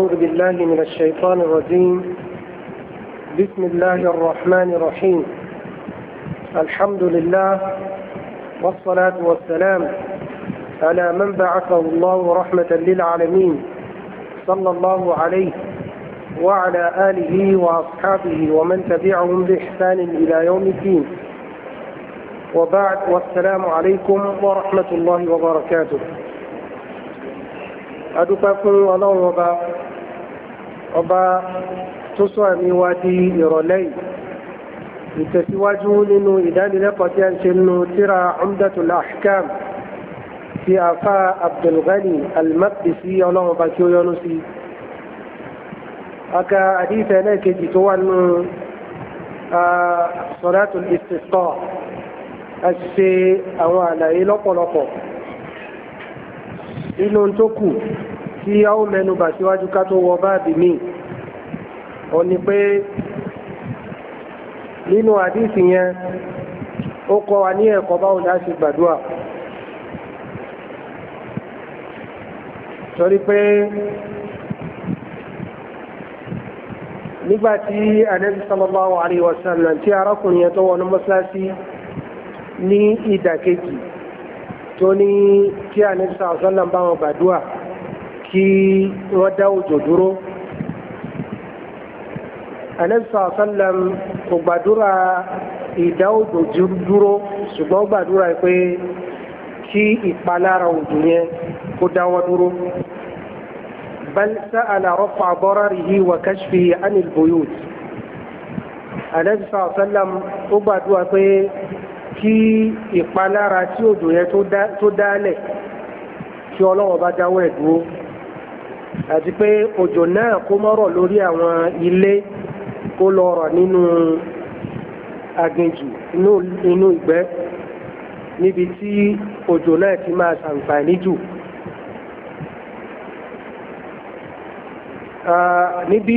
أعوذ بالله من الشيطان الرجيم بسم الله الرحمن الرحيم الحمد لله والصلاة والسلام على من بعثه الله رحمة للعالمين صلى الله عليه وعلى آله وأصحابه ومن تبعهم بإحسان إلى يوم الدين وبعد والسلام عليكم ورحمة الله وبركاته أدفكم الله وبركاته ọba tó sọ àmì wa di ìrọ̀lẹ́ yìí ìtẹ̀síwájú nínú ìdánilẹ́kọ̀ọ́ tí a ń ṣe nínú tíra umdatul ahkam ti afa abdulghani almaqdisi ọlọ́run ọba tí ó yọ́nú sí aka àdífẹ́ náà kejì tó wà nínú sọ̀rọ̀tún ìsìnkọ́ àti àwọn àlàyé lọ́pọ̀lọpọ̀ inú tó kù tí a ó mẹ́nubà síwájú ká tó wọ báàbì míì ó ní pé nínú àdísì yẹn ó kọ́ wa ní ẹ̀kọ́ báwo la ṣe gbàdúrà torí pé nígbàtí anabi sallallahu alayhi wa sallam tí arákùnrin yẹn tó wọnú mọ́sálásí ní ìdàkejì tó ní kí anabi sallallahu alayhi wa sallam bá wọn kí wọ́n dá òjò dúró anẹ́sà sọ́lẹ̀m kò gbàdúrà ìdá òjò dúró ṣùgbọ́n gbàdúrà pé kí ìpalára òjò yẹn kó dáwọ́ dúró bal sa'ala rafa dararihi wa kashfihi anil buyut anẹ́sà sọ́lẹ̀m ó gbàdúrà pé kí ìpalára tí òjò yẹn tó dálẹ̀ kí ọlọ́wọ́ bá dáwọ́ ẹ̀ àti pé òjò náà kó mọ́rọ̀ lórí àwọn ilé kó lọ rọ̀ nínú aginjù inú ìgbẹ́ níbi tí òjò náà ti máa ṣàǹfààní jù. níbí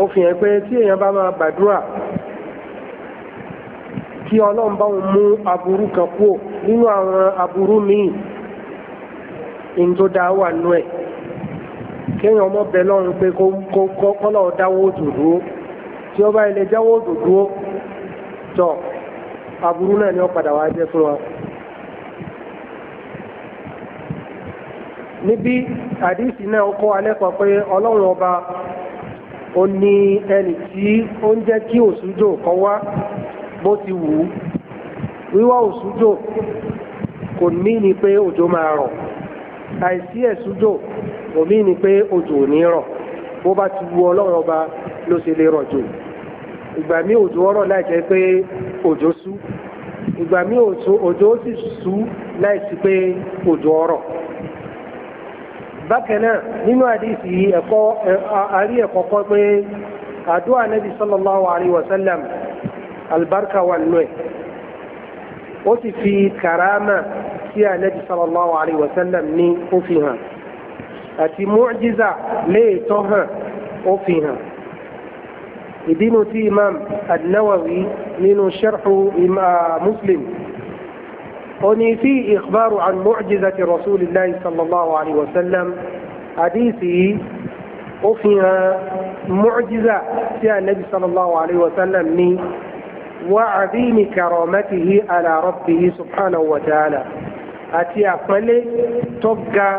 ó fi hàn pé tí èèyàn bá máa gbàdúrà kí ọlọ́run bá mú aburú kan kúò nínú àwọn aburú míì ní wà nú ẹ̀. kéèyàn ọmọ bẹ lọ́run pé kọ́lọ̀ dáwó dòdó tí ó bá ilé jáwó dòdó chọ aburú náà ni ó padà wá jẹ́ fún wa. níbi àdísì náà ó kọ́ alẹ́kọ̀ọ́ pé ọlọ́run ọba ó ní ẹnì tí ó ń jẹ́ kí òsújò kọ́ wá bó ti wù ú wíwá òsújò kò ní ni pé òjò máa rọ̀ àìsí omi ni pé òjò ò ní rọ̀ bó bá ti wu ọlọ́run ọba ló ṣe lè rọ̀jò ìgbà mí òjò ọ̀rọ̀ láì jẹ́ pé òjò sú ìgbà mí òjò ó sì sú láì sí pé òjò ọ̀rọ̀ bákan náà nínú àdìsí ẹ̀kọ́ àrí ẹ̀kọ́ kọ́ pé àdúrà nàbì sallallahu alaihi wasallam albarka wà nù ẹ̀ ó sì fi kàrámà sí ànàbì sallallahu alaihi wasallam ní ó hàn àti mọ́jíza léètọ́ hàn ó fi hàn ìdínú tí imam adnáwàwí nínú sharhu muslim ó ní fi ìkbáru an mọ́jíza ti rasulillahi sallallahu alaihi wasallam àdísì ó fi hàn mọ́jíza tí annabi sallallahu alaihi wasallam ní وعظيم كرامته على ربه سبحانه وتعالى أتي أقل تبقى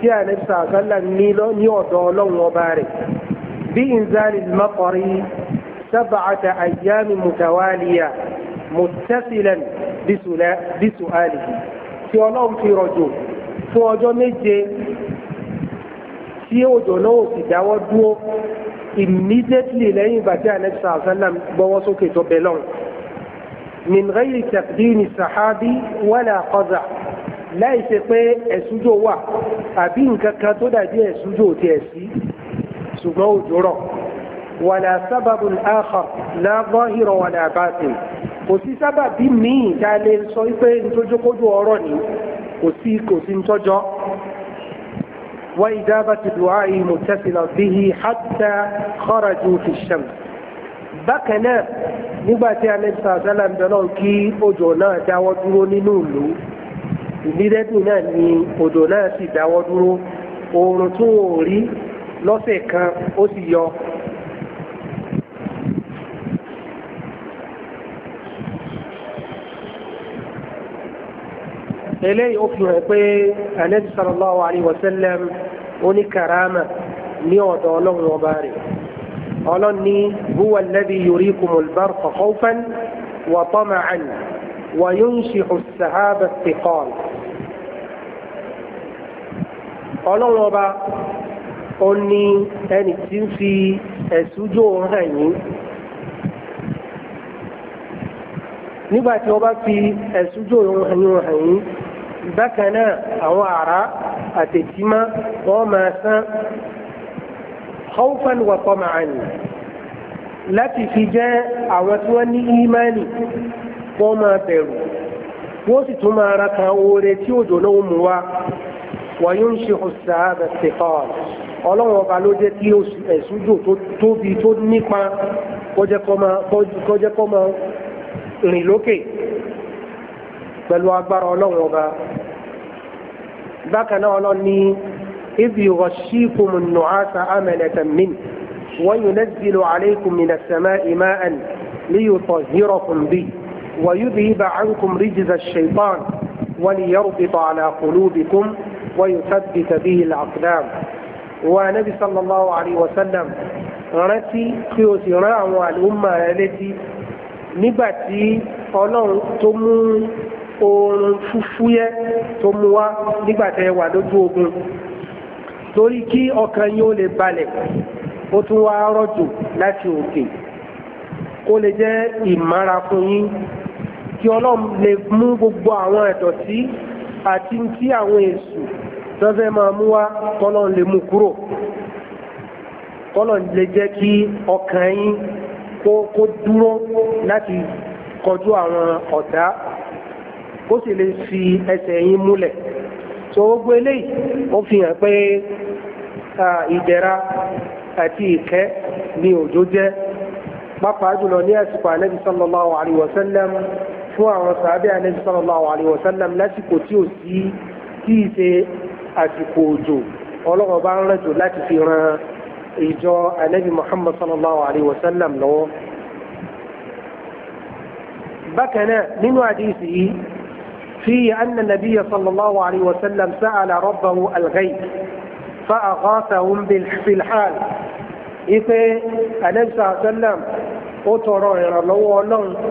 tí ànábì sàkálà ní ní ọ̀dọ̀ ọlọ́run ọba rẹ̀ bí inzali makọrí sábàtà àyàmì mùtàwálìyà mùtẹ́sílẹ̀ bísù àlìyí tí ọlọ́run fi rọ̀jò fún ọjọ́ méje tí òjò náà ò sì dáwọ́ dúró immediately lẹ́yìn ìgbà tí ànábì sàkálà gbọ́wọ́ sókè tó bẹ̀ lọ́run min ghairi taqdimi sahabi wala qaza' láì ṣe pé ẹ̀sújò wà àbí nǹkan kan tó dàbí ẹ̀sújò ti ẹ̀sí ṣùgbọ́n òjò rọ̀ wàlà sábàbù àkọ̀ lágbọ́n ìrọ̀ wàlà àbáṣe kò sí sábàbí míì dá sọ pé ntójókójú ọ̀rọ̀ ni kò sí kò sí ntọ́jọ́ وإجابة دعاء متصلا به حتى خرجوا في الشمس بكنا نباتي عن النبي كي أجونا دعوة دلون ìlídẹ́dùn náà ni odò náà sì dáwọ́ dúró oòrùn tún ò rí lọ́sẹ̀ kan ó sì yọ eléyìí ó fi hàn pé anabi sallallahu alayhi wa sallam ní ọ̀dọ̀ ọlọ́run ọba rẹ̀ ọlọ́run ní huwa alladhi yurikumul barqa khawfan wa tama'an wa yunshi'u as-sahaba ath-thiqal. ọlọ́run ọba ó ní ẹni tí ń fi ẹ̀sùjó hàn yín nígbà wọ́n bá fi ẹ̀sùjó hàn yín bákan náà àwọn àrá àtẹ̀tímá wọ́n máa sán khawfan wa tama'an láti fi jẹ́ àwọn tí wọ́n ní ìmánì wọ́n máa bẹ̀rù wọ́n sì tún máa ra kan oore tí òjò náà mú wa. وينشئ السحاب الثقال ọlọ́run ọba ló jẹ́ kí ẹ̀sùjò tó tóbi tó nípa kọjẹ́kọ́ máa rìn lókè pẹ̀lú agbára ọlọ́run ọba bákan náà ọlọ́run ní ibi rọ̀ṣíkùn nùhásà amẹ̀lẹ̀tẹ̀ min wọ́n yóò nẹ́sìlò àlékún mi nàṣẹ̀mẹ́ ìmá ẹ̀n líyò tọ̀ hírọ̀kùn bí wọ́n yóò bí ibà ánkùn ríjìzà ṣèpán wọ́n yóò bí tọ̀ àlàkùnú bìkún ويثبت به الأقدام ونبي صلى الله عليه وسلم rántí kí o sì التي àwọn àlùmọ̀ rẹ létí nígbà tí ọlọ́run tó mú oorun fúfúyẹ́ tó mú wá nígbà tẹ wà lójú ogun torí kí ọkàn yín ó lè balẹ̀ ó tún wá rọ̀jò láti òkè kó lè jẹ́ ìmára fún yín kí ọlọ́run lè mú gbogbo àwọn ẹ̀dọ̀tí àti tí àwọn èṣù tọ́fẹ́ máa mú wá kọ́lọ̀ lè mú kúrò kọ́lọ̀ lè jẹ́ kí ọkàn yín kó dúró láti kọjú àwọn ọ̀tá ó sì lè fi ẹsẹ̀ yín múlẹ̀ so gbogbo eléyìí ó fi hàn pé ìdẹ̀ra àti ìkẹ́ ni òjò jẹ́ pápá jùlọ ní àsìkò ànábì sallallahu alaihi wasallam fún àwọn sàábé ànábì sallallahu alaihi wasallam lásìkò tí ò sí tí ì ṣe àsìkò òjò ọlọ́run bá ń rẹ̀jò láti fi ran ìjọ ànábì muhammad sallallahu alaihi wasallam lọ́wọ́. bákan náà nínú àdìsí ó tọrọ ìrànlọ́wọ́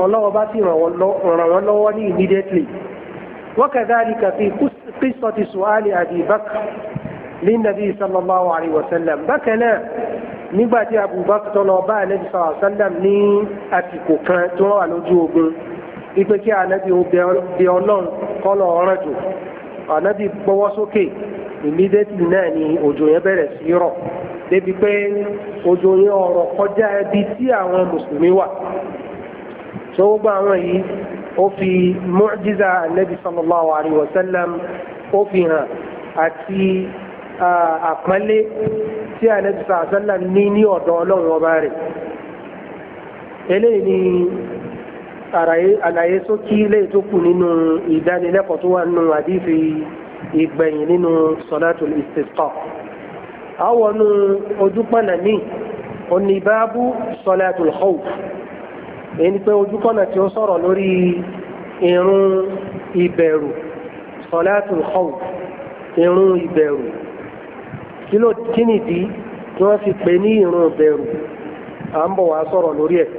ọlọ́wọ́ bá sì ràn ní immediately وكذلك في قصة سؤال أبي بكر للنبي صلى الله عليه وسلم بكنا nígbàtí abubakar tọ́lọ bá ànábì sọ̀rọ̀ sálàm ní àtìkò kan tí wọ́n wà lójú ogun ipe kí ànábì ó bẹ ọlọ́run kọ́lọ̀ ọ̀rọ̀ jù ànábì gbọ́wọ́ sókè immediately náà ni òjò débi pé odò yẹn ọ̀rọ̀ kọjá ẹbí tí àwọn mùsùlùmí wà tó gbogbo àwọn yìí ó fi mu'jiza anabi sallallahu alayhi wa sallam ó fi hàn àti àpọ́nlé tí anabi sallallahu alayhi wa sallam ní ní ọ̀dọ̀ ọlọ́run ọba rẹ̀ eléyìí ni àlàyé sókí lè tó kù nínú ìdánilẹ́kọ̀ọ́ tó wà nínú àdífi ìgbẹ̀yìn nínú salatul istisqa àwọn ojúpọ̀nà ní oníbàábù sọlẹ́tul khawf èyí ni pé ojúpọ̀nà tí ó sọ̀rọ̀ lórí irun ìbẹ̀rù sọlẹ́tul khawf irun ìbẹ̀rù kí ló kí nìdí tí wọ́n fi pè ní irun ìbẹ̀rù à ń bọ̀ wá sọ̀rọ̀ lórí ẹ̀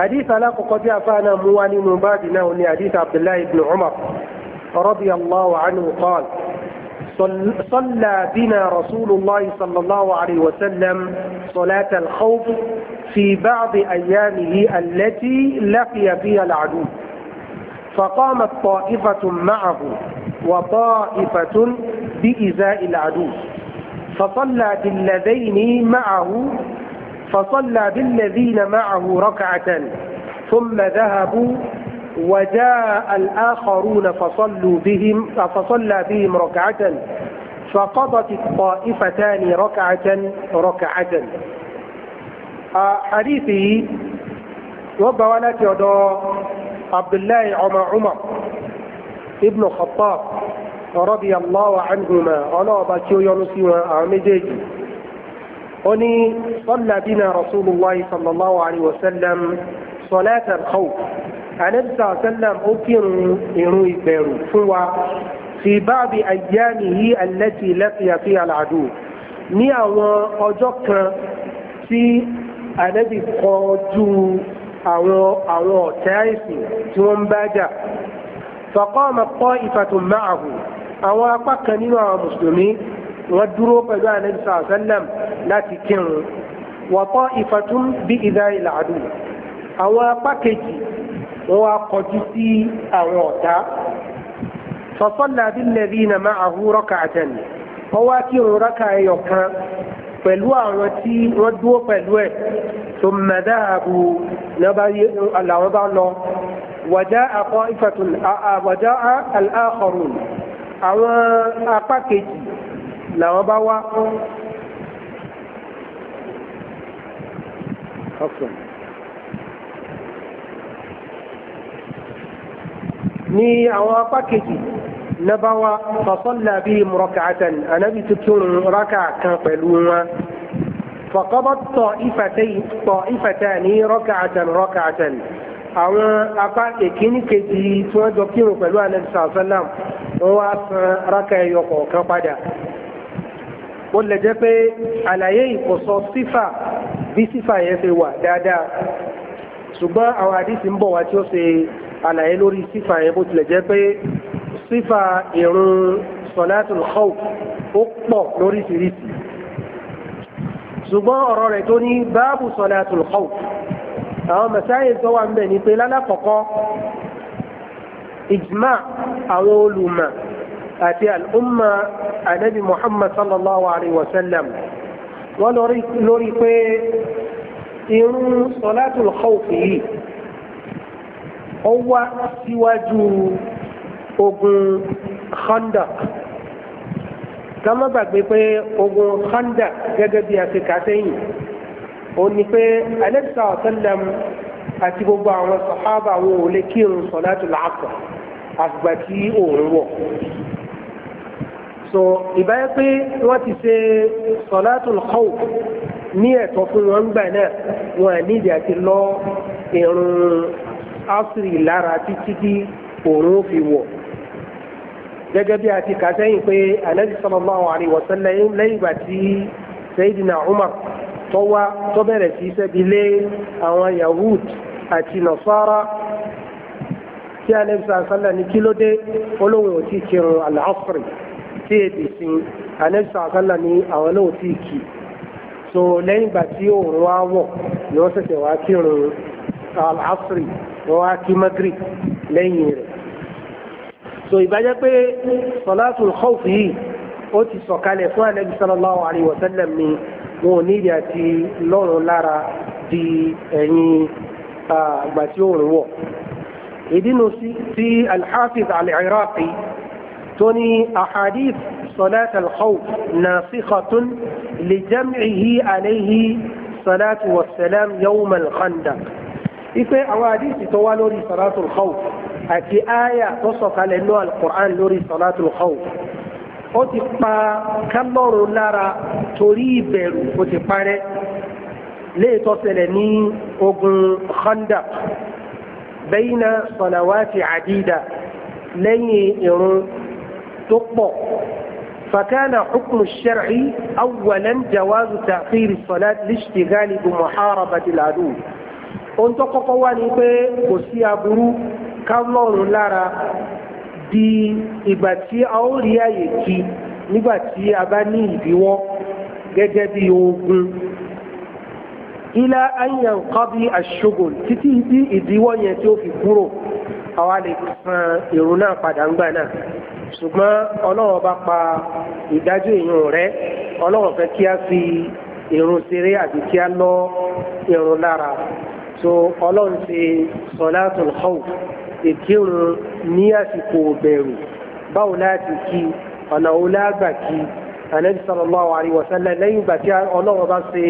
حديث لا قد أفانا مواني مبادنا وني حديث عبد الله بن عمر رضي الله عنه قال صلى بنا رسول الله صلى الله عليه وسلم صلاة الخوف في بعض أيامه التي لقي فيها العدو فقامت طائفة معه وطائفة بإزاء العدو فصلى بالذين معه فصلى بالذين معه ركعة ثم ذهبوا وجاء الآخرون فصلوا بهم فصلى بهم ركعة فقضت الطائفتان ركعة ركعة حديثي وبوالات يدو عبد الله عمر عمر ابن خطاب رضي الله عنهما على باكيو يونسي وعمجيج أني صلى بنا رسول الله صلى الله عليه وسلم صلاة الخوف anabisa sallam ó kírun irun ìbẹ̀rù fún wa fi báàbí àyíyáni yí alẹ́tì lẹ́fìyà fi àlàdù ní àwọn ọjọ́ kan tí anabi kọjú àwọn àwọn ọ̀tẹ́ àìsàn tí wọ́n ń bá jà faqama ta'ifatun ma'ahu àwọn apá àwọn apá kejì wọ́n wá kọjú sí àwọn ọ̀tá sọ̀sọ́là bílẹ̀bí na máa àhúrọ́ kàtẹ́n wọ́n wá kí òun rákà ẹyọ kan pẹ̀lú àwọn tí wọ́n dúró pẹ̀lú ẹ̀ tó mẹ́dá àbù làwọn bá lọ wàjá àkọ́ ìfẹ̀tùn àwàjá àlàkọ̀rùn àwọn apá kejì làwọn bá wá. Okay. ní àwọn apá kejì nabawa fasọ́lá bíi mùrọ̀kàtàn anábì tuntun rákà kan pẹ̀lú wọn fọ̀kọ́bọ̀ tọ̀ ìfàtà ní rọ́kàtàn rọ́kàtàn àwọn apá èkíní kejì tí wọ́n jọ kírun pẹ̀lú anábì sàlá wọ́n wá san rákà ẹyọ kọ̀ọ̀kan padà ó lè jẹ́ pé àlàyé ìkọ̀sọ́ sífà bí sífà yẹn ṣe wà dáadáa ṣùgbọ́n àwọn àdìsí ń bọ̀ wá tí ó ṣe àlàyé lórí sífà yẹn bó tilẹ̀ jẹ́ pé sífà ìrun sọ̀látùl khawf ó pọ̀ lóríṣiríṣi ṣùgbọ́n ọ̀rọ̀ rẹ̀ tó ní báàbù sọ̀látùl khawf àwọn mẹ̀sáyè tó wà ń bẹ̀ ni pé lálàkọ̀kọ́ ìjìmá àwọn olùmọ̀ àti al'umma anabi muhammad sallallahu alaihi wasallam wọ́n lórí pé irun sọ̀látùl khawf yìí ó wá síwájú ogun Khandak kama gbàgbé pé ogun Khandak gẹ́gẹ́ bí àfikà sẹ́yìn ó ní pé alẹ́bíṣà ọ̀sẹ́lẹ̀m àti gbogbo àwọn sàhábà wọn ò lè kírun sọ̀láàtù làásà àgbà tí òun wọ̀ so ìbáyé pé wọ́n ti ṣe sọ̀láàtù khawf ní ẹ̀tọ́ fún wọn gbà náà wọn à nídìí àti lọ ìrun asiri lára títí tí òun fi wọ̀ gẹ́gẹ́ bí a ti kà sẹ́yìn pé anabi sallallahu alaihi wa sallam lẹ́yìn ìgbà tí sayidina umar tó wá tó bẹ̀rẹ̀ sí sẹ́bi lé àwọn yahud àti nasara tí anabi sallallahu ní kí ló dé olóhùn ò kírun al tí èdè sí anabi sallallahu ní àwọn náà ò kì so lẹ́yìn ìgbà tí òun wá wọ̀ ni wọ́n ṣẹ̀ṣẹ̀ wá kírun al wọ́n wá kí magrib lẹ́yìn rẹ̀ so ìbájẹ́ pé salatul khawf yìí ó ti sọ̀kalẹ̀ fún anabi sallallahu alayhi wa sallam ni wọn ò ní ìdí àti lọ́rùn lára di ẹ̀yìn àgbà tí ó rùn wọ̀ ìdínú sí alhafiz al-iraqi tó ní ahadith صلاة الخوف ناسخة لجمعه عليه الصلاة والسلام يوم الخندق ipe àwọn àdìsí tó wá lórí salatul khawf àti àyà tó sọ̀kalẹ̀ ní al-Qur'an lórí salatul khawf ó ti pa kámọ́rù lára torí ìbẹ̀rù ó ti parẹ́ léètọ́ ṣẹlẹ̀ ní ogun Khandaq bayna salawati adida lẹ́yìn ìrun tó pọ̀ فكان حكم الشرع أولا جواز تأخير الصلاة لاشتغال بمحاربة العدو ohun tó kọ́kọ́ wá ni pé kò sí aburú ká lọ́rùn lára di ìgbà tí a ó rí àyè kí nígbà tí a bá ní ìdíwọ́ gẹ́gẹ́ bí ogun ilá ayan kọ́bí aṣogun títí bí ìdíwọ́ yẹn tí ó fi kúrò àwa lè san ìrun náà padà ńgbà náà ṣùgbọ́n ọlọ́run bá pa ìdájọ́ ìrun rẹ̀ ọlọ́run fẹ́ kí a fi ìrun ṣeré àti kí a lọ ìrun lára so ọlọ́run ṣe sọ̀látùl khawf ìkírun ní àsìkò bẹ̀rù báwo láti kí ọ̀nà olágbà kí anabi sallallahu alayhi wa sallam lẹ́yìn ìgbà tí ọlọ́run bá ṣe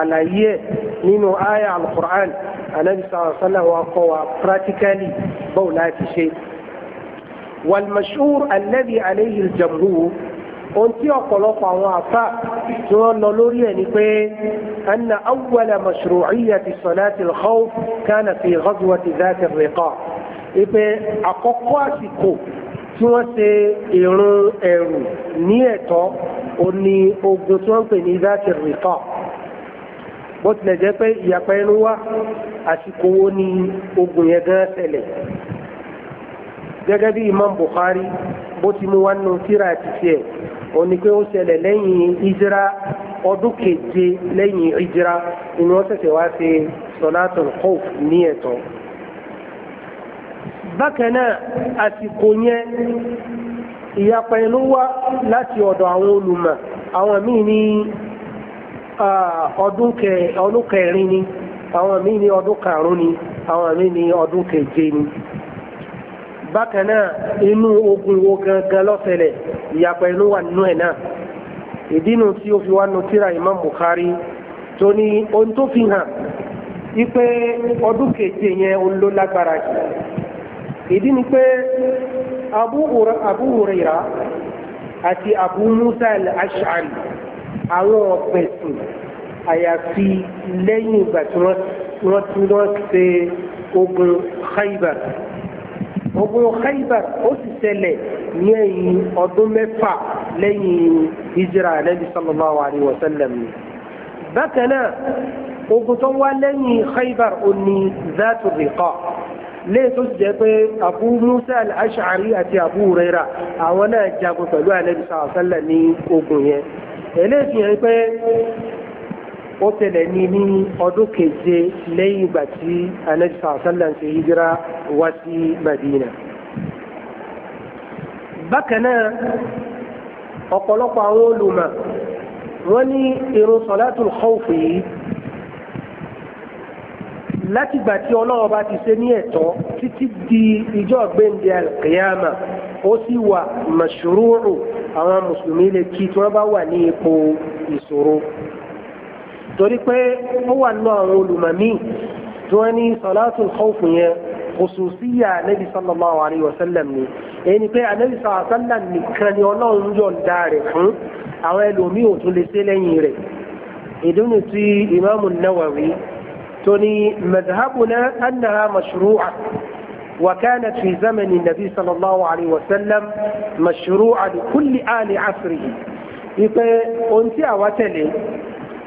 àlàyé ẹ̀ nínú aya al-Qur'an anabi sallallahu alayhi wa sallam wa kọ́ wa practically báwo láti ṣe. والمشهور الذي عليه الجمهور ohun tí ọ̀pọ̀lọpọ̀ àwọn àfà tí wọ́n lọ lórí ẹ̀ ni pé anna awwala mashru'iyyati salati al-khawf kana fi ghazwati dhati ar-riqa ipe àkọ́kọ́ àsìkò tí wọ́n ṣe ìrun ẹ̀rù ní ẹ̀tọ́ ó ní ogun tí wọ́n pè ní dhati ar-riqa bó tilẹ̀ jẹ́ pé ìyapa ẹnu wá àsìkò wo ni ogun yẹn gan ṣẹlẹ̀ gẹ́gẹ́ bí Imam Bukhari bó ti mú wá nù síra àti tiẹ̀ òun ni pé ó ṣẹlẹ̀ lẹ́yìn ìjírá ọdún keje lẹ́yìn ìjírá inú wọ́n ṣẹ̀ṣẹ̀ wá ṣe hope ní ẹ̀tọ́. bákan náà àsìkò yẹn ìyapa láti ọ̀dọ̀ àwọn olùmọ̀ àwọn míì ní ọdún ni àwọn míì ní ni àwọn míì ní ni. bákan náà inú ogun wo gangan lọ́sẹ̀lẹ̀ ìyàpọ̀ inú wà nínú ẹ̀ náà ìdínú tí ó fi wá nu Imam buhari tó ní ohun tó fi hàn wípé ọdún keje yẹn ó ló lágbára jù ìdí ni pé Abu àti Abu Musa al-Ash'ari àwọn ọ̀pẹ̀sìn àyàfi lẹ́yìn ìgbà tí wọ́n ti wọ́n ṣe ogun Khaybar ogun Khaybar ó sì ṣẹlẹ̀ ní ẹ̀yìn ọdún mẹ́fà lẹ́yìn hijira Ànábì sallallahu alayhi wa sallam ni. bákan náà ogun tó wá lẹ́yìn Khaybar ó ní Zatu Riqa léyìn tó sì jẹ́ pé Abu Musa al-Ash'ari àti Abu Huraira àwọn náà jagun pẹ̀lú Ànábì sallallahu ní ogun yẹn eléyìí fi hàn pé ó tẹ̀lẹ̀ ní ní ọdún keje lẹ́yìn ìgbà tí anabi sàásánlá ń ṣe hijira wá sí madina bákan náà ọ̀pọ̀lọpọ̀ àwọn olùmọ̀ wọ́n ní irun sọ̀látùl khawfi yìí láti gbà tí ọlọ́wọ́ bá ti ṣe ní ẹ̀tọ́ títí di ìjọ gbẹ̀ndé alkiyama ó sì wà mashru'u àwọn mùsùlùmí lè kí tí wọ́n bá wà ní ipò ìṣòro torí pé ó wà nínú àwọn olùmọ̀mí tí wọ́n ní salatul khawfu yẹn khususiyya anabi sallallahu alayhi wa sallam ni èyí ni pé anabi sallallahu alayhi wa sallam nìkan ni ọlọ́run yọ̀ǹda rẹ̀ fún àwọn ẹlòmíì ò tún lè ṣe lẹ́yìn rẹ̀ ìdúnnù ti ìmáàmù Nawawi tó ní madhabuna annaha mashru'a وكانت في زمن النبي صلى الله عليه وسلم مشروعة لكل آل عصره. إذا أنت أوتلي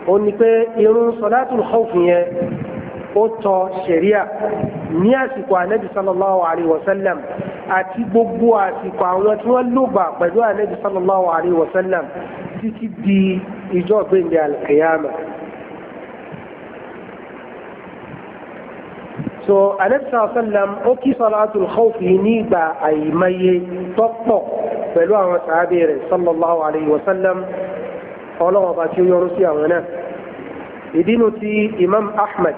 ó ní pé irun sọlátùl khawf yẹn ó tọ ṣẹ̀ríà ní àsìkò ànábì sallallahu alayhi wa sallam àti gbogbo àsìkò àwọn tí wọ́n lògbà pẹ̀lú ànábì sallallahu alayhi wa sallam títí di ìjọ gbẹ̀ndẹ̀ alkiyama. so ànábì sallallahu alayhi wa sallam ó kí sọlátùl khawf yìí ní ìgbà àìmọye tọ́pọ̀ pẹ̀lú àwọn sàábẹ̀ rẹ̀ sallallahu alayhi wa sallam ọlọ́run ọba tí ó yọ́nú sí àwọn náà ìdínú ti imam ahmed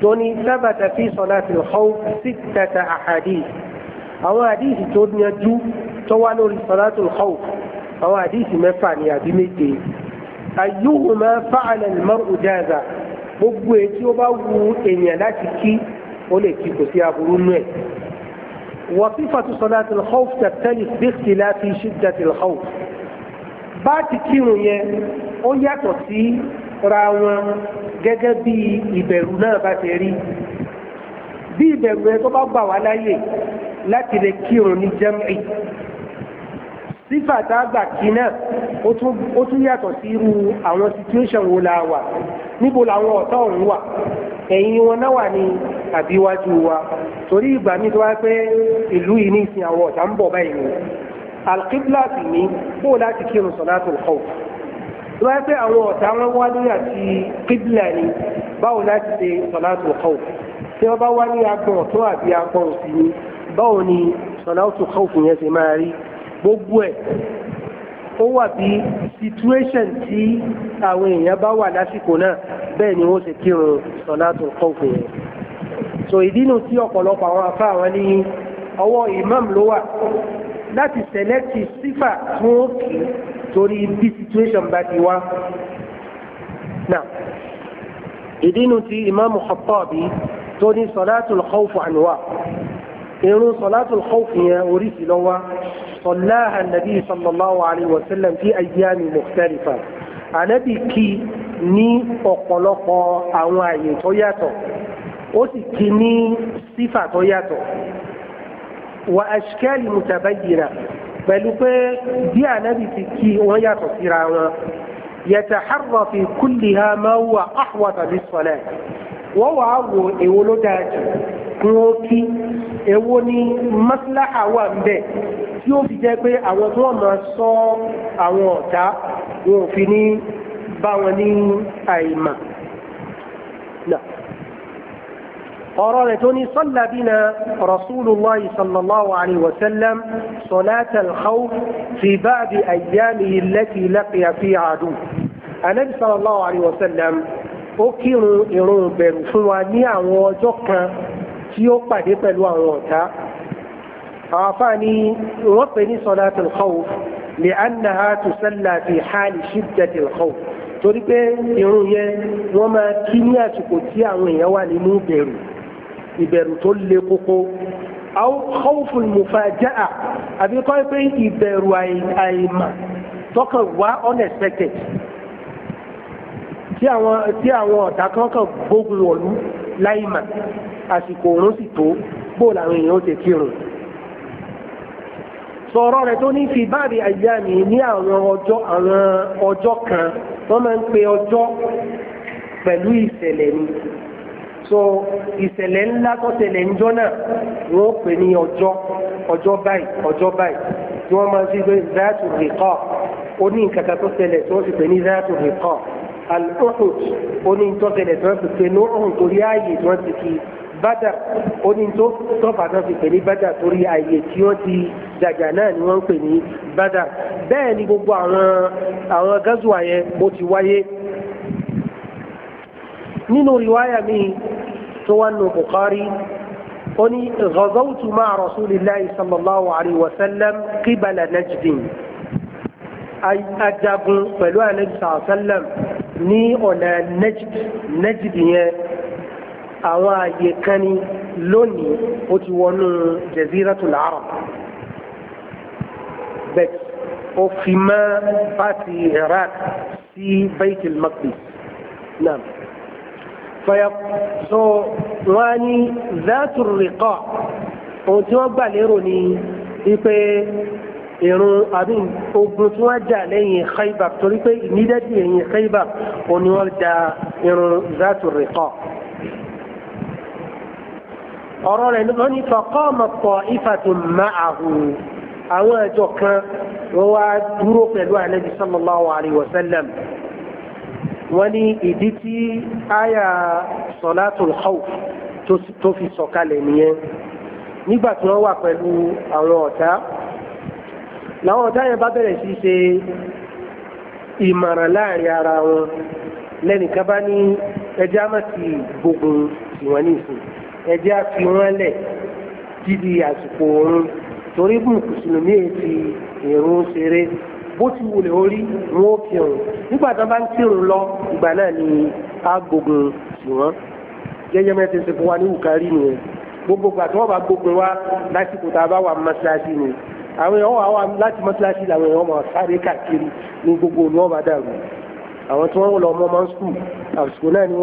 tó ní sábàtà fi sọláàtì khawf sittata ahadith àwọn àdìsí tó yanjú tó wá lórí sọláàtì khawf àwọn àdìsí mẹ́fà ní àbí méje ayyuhuma fa'ala al-mar'u jaza gbogbo èyí tí ó bá wu èèyàn láti kí ó lè kí kò sí aburú nú ẹ̀. wa sifatu sọláàtì khawf tattali bi ikhtilafi shiddati al-khawf bá ti kírun yẹn ó yàtọ̀ sí ra wọn gẹ́gẹ́ bí ìbẹ̀rù náà bá ti rí bí ìbẹ̀rù yẹn tó bá gbà wá láyè láti lè kírun ní jẹ́mìí sífà tá kí náà ó tún yàtọ̀ sí irú àwọn situation wo la wà níbo làwọn ọ̀tá ọ̀hún wà ẹ̀yìn wọn náà wà ní àbíwájú wa torí ìgbà mi tó wá pé ìlú yìí ní ìsìn àwọn ọ̀tá ń bọ̀ báyìí alqibla sì ní kó láti kírun salatul khawf tó bá pẹ́ àwọn ọ̀tá wọn wá ní àti qibla ni báwo láti ṣe salatul khawf tí wọ́n bá wá ní agbọ̀n ọ̀tún àti agbọ̀n òsì ni báwo ni salatul khawf yẹn ṣe máa rí gbogbo ẹ̀ ó wà bí situation tí àwọn èèyàn bá wà lásìkò náà bẹ́ẹ̀ ni wọ́n ṣe kírun salatul khawf yẹn so ìdí nu tí ọ̀pọ̀lọpọ̀ àwọn afá àwọn ní ọwọ́ imam ló wà láti sẹ̀lẹ́tì sífà fún òkè torí bí situation bá ti wá. Now, ìdínú ti ìmáàmù Khattabi tó ní Salatul Khawf àníwá. Irun Salatul Khawf yẹn oríṣi lọ́wọ́. صلاها النبي صلى الله عليه وسلم في أيام مختلفة ànábì kí ní ọ̀pọ̀lọpọ̀ àwọn àyè tó yàtọ̀ ó sì kí ní sífà tó yàtọ̀ wa ashkali mutabayyina pẹ̀lú pé bí ànábì ti kí wọ́n yàtọ̀ síra wọn yataharra fi kulliha ma huwa ahwata bis-salat wọ́n wàá wo èwo ló dáa jù kí wọ́n kí èwo ni maslaha wà ń bẹ̀ tí ó fi jẹ́ pé àwọn tí wọ́n máa sọ àwọn ọ̀tá wọn ò fi ní bá wọn ní àìmọ̀. ọ̀rọ̀ rẹ̀ tó ní sọ́lá bínà rasulullahi sallallahu alayhi wa sallam sọ̀láta alkhawf fi báàbí ayyámihi lẹ́tì laqiya fi àdùn. anabi sallallahu alayhi wa sallam ó kírun ìrun bẹ̀rù fún wa ní àwọn ọjọ́ kan tí ó pàdé pẹ̀lú àwọn ọ̀tá. àwọn wọ́n pè ní sọ̀láta alkhawf لأنها تسلى في حال شدة الخوف torí pé irun yẹn wọ́n máa kí ní àsìkò tí àwọn èèyàn wà nínú ìbẹ̀rù ìbẹ̀rù tó le kókó àwọn khawful mufaja'a àbí kọ́ pé ìbẹ̀rù àìmà tọkàn wá unexpected tí àwọn tí àwọn ọ̀tá kan kàn gbógun wọ̀lú láìmà àsìkò òun sì tó bóòlù àwọn èèyàn ó ti kírun sọ̀rọ̀ rẹ̀ tó ní fi báàbí àyà mi ní àwọn ọjọ́ àwọn ọjọ́ kan wọ́n máa ń pe ọjọ́ pẹ̀lú ìṣẹ̀lẹ̀ ni so ìṣẹ̀lẹ̀ ńlá tó ṣẹlẹ̀ ńjọ́ náà wọ́n pè ní ọjọ́ ọjọ́ báyìí ọjọ́ báyìí tí wọ́n máa ń fi gbé zaatu rìkọ́ ó ní nǹkan kan tó ṣẹlẹ̀ tí wọ́n sì pè ní zaatu rìkọ́ al-uhud ó ní tó ṣẹlẹ̀ tí wọ́n sì pè ní uhud torí ààyè tí wọ́n ti fi bàdà ó tó tọ́fà tó fi pè ní bàdà torí ààyè tí wọ́n ti jàjà náà ni wọ́n pè ní bàdà bẹ́ẹ̀ ni gbogbo àwọn àwọn gázuwa nínú riwaya mi tó wà nù Bukhari ó ní ghazawtu ma'a rasulillahi sallallahu alayhi wa sallam qibala najdin ajagun pẹ̀lú anabi sallam ní ọ̀nà najd najd yẹn àwọn àyè kan ní lónìí ó ti wọnú jaziratul arab bẹ́ẹ̀ ó fi mọ́ bá ti iraq sí baitul maqdis náà wọ́n á ní zaatu riqa ohun tí wọ́n gbà lérò ní wípé ìrun àbí ogun tí wọ́n jà lẹ́yìn Khaybar torí pé ìnídẹ́jì ẹ̀yìn Khaybar òun ni wọ́n ja ìrun zaatu ọ̀rọ̀ rẹ̀ ló ní faqama ta'ifatun ma'ahu àwọn ẹ̀jọ̀ kan wọ́n wá dúró pẹ̀lú Ànábì sallallahu alaihi wọ́n ní ìdí tí àyà sọ̀látùl khawf tó fi sọ̀kalẹ̀ nìyẹn nígbà tí wọ́n wà pẹ̀lú àwọn ọ̀tá làwọn ọ̀tá yẹn bá bẹ̀rẹ̀ sí ṣe ìmọ̀ràn láàrin ara wọn lẹ́nìkan bá ní ẹjẹ́ á má ti gbógun tì wọ́n ní ìsìn ẹjẹ́ á fi wọ́n lẹ̀ dídi àsìkò oorun torí mùsùlùmí èti ìrún ṣeré bó ti wulẹ̀ orí wọn ó kírun nígbà tí wọn bá ń kírun lọ ìgbà náà ni a gbógun sí wọn gẹ́gẹ́ ṣe fún wa ní wùkárí nìyẹn gbogbo ìgbà tí wọ́n bá gbógun wa lásìkò tá a bá wà mọ́ṣáláṣí ni àwọn èèyàn wà wà láti mọ́ṣáláṣí làwọn èèyàn máa sáré káàkiri ní gbogbo òní ọba dàrú àwọn tí wọ́n lọ mọ́ mọ́ skul àsìkò náà ni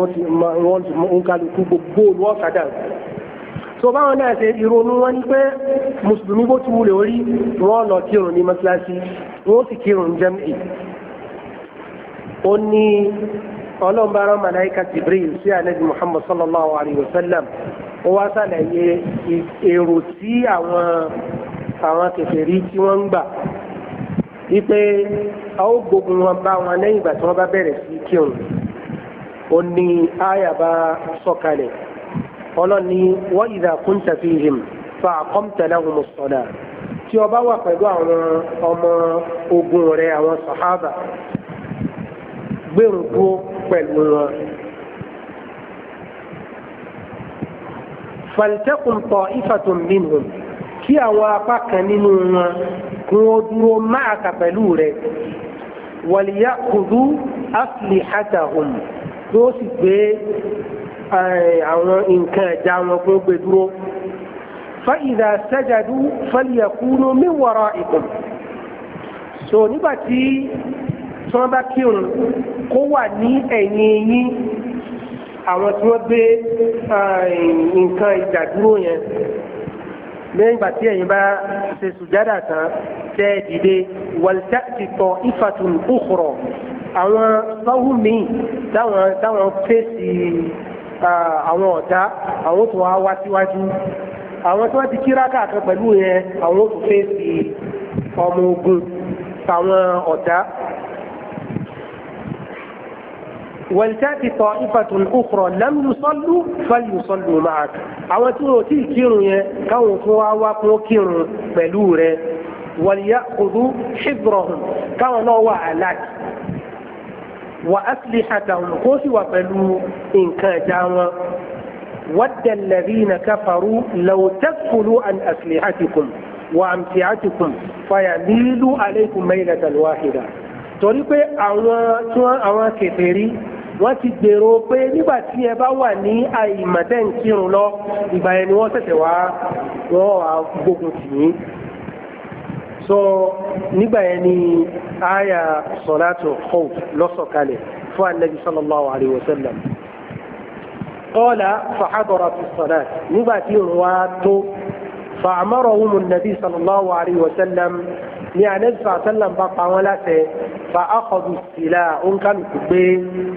wọ́n ti ń kálukú gbogbo òní ọ̀kadà so báwọn náà ṣe ìrònú wọn ni pé mùsùlùmí bó ti wulẹ̀ orí wọn lọ kírun ní mọ́ṣáláṣí wọn sì kírun jẹ́mì ó ní ọlọ́mbàrán màláìka Jibril sí ànábì Muhammad sallallahu alayhi wa sallam ó wá sàlàyé èrò tí àwọn àwọn kèfèrí tí wọ́n ń gbà wípé a ó gbógun wọn bá wọn lẹ́yìn ìgbà tí wọ́n bá bẹ̀rẹ̀ sí kírun ó ní àyàbá sọ̀kalẹ̀ ọlọ́ni wọ́n ìdá kúńtà fi hìm fa àkọ́mtẹ̀lá ọmọ sọ̀dà tí o bá wà pẹ̀lú àwọn ọmọ ogun rẹ̀ àwọn sàhábà gbèrò dúró pẹ̀lú wọn. fàlìtẹ́kùn tọ̀ ìfàtún minhum kí àwọn apá kan nínú wọn kún ó dúró máa kà pẹ̀lú rẹ̀ wàlìyà kùdú aslihatahum tó sì gbé Eh, àwọn nǹkan ẹ̀já wọn fún gbé dúró fa'ida sajadu falyakunu min wara'ikum so nígbà tí wọ́n bá kírun kó wà ní ẹ̀yìn yín àwọn tí wọ́n gbé eh, nǹkan ìjà dúró yẹn lẹ́yìn ìgbà tí ẹ̀yin bá ṣe sùjádà tán tẹ́ dìde wàlítà ti tọ ìfàtún òkùrọ̀ àwọn sọ́hùn míì táwọn táwọn àwọn ọ̀tá àwọn tó wá wá síwájú àwọn tó ti kí rákà kan pẹ̀lú yẹn àwọn tó fẹ́ sí ọmọ ogun àwọn ọ̀tá wàlítàtì tọ ìfàtún òkúrọ̀ lẹ́mùsọ́lù fàlùsọ́lù àwọn tí wọ́n ti kírun yẹn káwọn tó wá wá kún kírun pẹ̀lú rẹ wàlíyà òdú ṣíbrọ̀hùn káwọn náà wà aláàkì wà aslihatahum kó sì wà pẹ̀lú nǹkan ẹ̀já wọn wadda alladhina kafaru law takfulu an aslihatikum wa amtiatikum fayamilu alaykum maylatan wahida torí pé àwọn tí wọ́n àwọn kèfèrí wọ́n ti gbèrò pé nígbà tí ẹ bá wà ní àìmọ̀tẹ́ǹkirun lọ ìgbà yẹn ni wọ́n ṣẹ̀ṣẹ̀ wá wọ́n wá gbógun tì yín sọ nígbà yẹn ni àyà sọ̀látò khawf lọ́sọ̀kalẹ̀ fún anabi sallallahu alayhi wa sallam qala fàḥadọ̀rọ̀ fi sọ̀lá nígbà tí òun wá tó fàmọ́rọ̀ wùmù nàbí sallallahu alayhi wa sallam ni anabi sallallahu alayhi wa sallam bá pa wọn láṣẹ fàákọ̀dù sílá ònkàlùkù gbé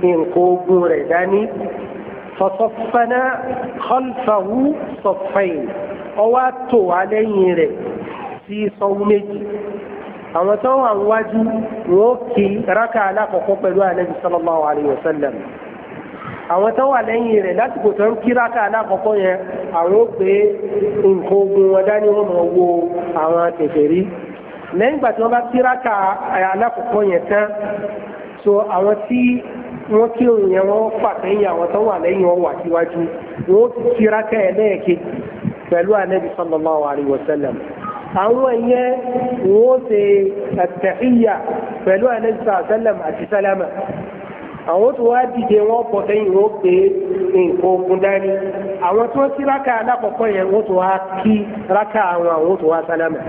nǹkan ogun rẹ̀ dání fọ̀sọ̀fẹ́nà khalfahu sọ̀fẹ́yìn ọwọ́ àtòwálẹ́yìn rẹ̀. sí sọ́wọ́ méjì àwọn tó wà wájú wọn ó kí rákà alákọ̀ọ́kọ́ pẹ̀lú ànábì sallallahu alayhi wa sallam àwọn tó wà lẹ́yìn rẹ̀ lásìkò tó ń kí rákà alákọ̀ọ́kọ́ yẹn àwọn ó gbé nǹkan ogun wọn dání wọn mọ̀ wo àwọn kèfèrí lẹ́yìn ìgbà tí wọ́n bá kí alákọ̀ọ́kọ́ yẹn tán so àwọn tí wọ́n kí òun yẹn wọ́n pàtẹ́yìn àwọn tó wà lẹ́yìn àwọn ẹ̀yẹ wọ́n ṣe tàtàíyà pẹ̀lú àlẹ́sà sálàm àti sálámà àwọn tó wá dìde wọ́n pọ̀ sẹ́yìn wọ́n pé nǹkan ogun dání àwọn tó sí rákà alákọ̀ọ́kọ́ yẹn wọ́n tó wá kí rákà àwọn àwọn tó wá sálámà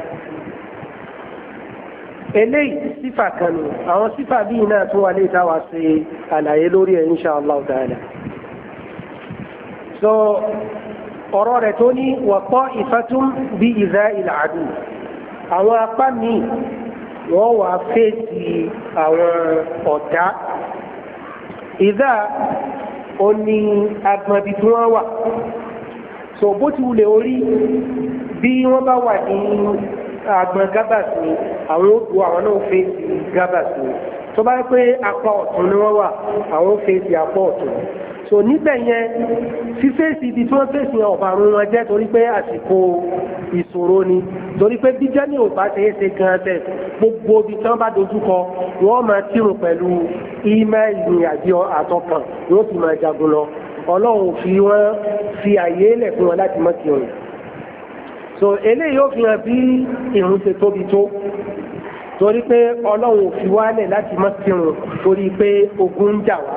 eléyìí sífà kan àwọn sífà bíi náà tó wà lè dáwà ṣe àlàyé lórí ẹ̀ insha Allah so ọ̀rọ̀ rẹ̀ tó ní wọ̀pọ̀ ìfẹ́tún bí ìzá ilẹ̀ àdù àwọn apá míì wọ́n wà fèsì àwọn ọ̀tá ìzá ó ní agbọ̀nbi tí wọ́n wà so bó ti wulẹ̀ orí bí wọ́n bá wà ní agbọ̀n gabas ni àwọn òdu àwọn náà fèsì gabas ni tó bá pé apá ọ̀tún ni wọ́n wà àwọn fèsì apá ọ̀tún tò níbẹ̀ yẹn fífèsì ibi tí wọ́n fèsì yẹn ọ̀bàrún wọn jẹ́ torí pé àsìkò ìṣòro ni torí pé jíjẹ́ ní òbá ṣe é ṣe gan bẹ́ẹ̀ gbogbo ibi tí wọ́n bá dojúkọ wọ́n máa tírun pẹ̀lú ímẹ́ẹ̀lì àti àtọkàn wọ́n sì máa jagun lọ ọlọ́run fi wọ́n fi àyè lẹ̀ fún wọn láti mọ́ kírun so eléyìí ó fi hàn bí ìrun ṣe tóbi tó torí pé ọlọ́run ò fi wálẹ̀ láti mọ́ kírun torí pé ogun ń jà wá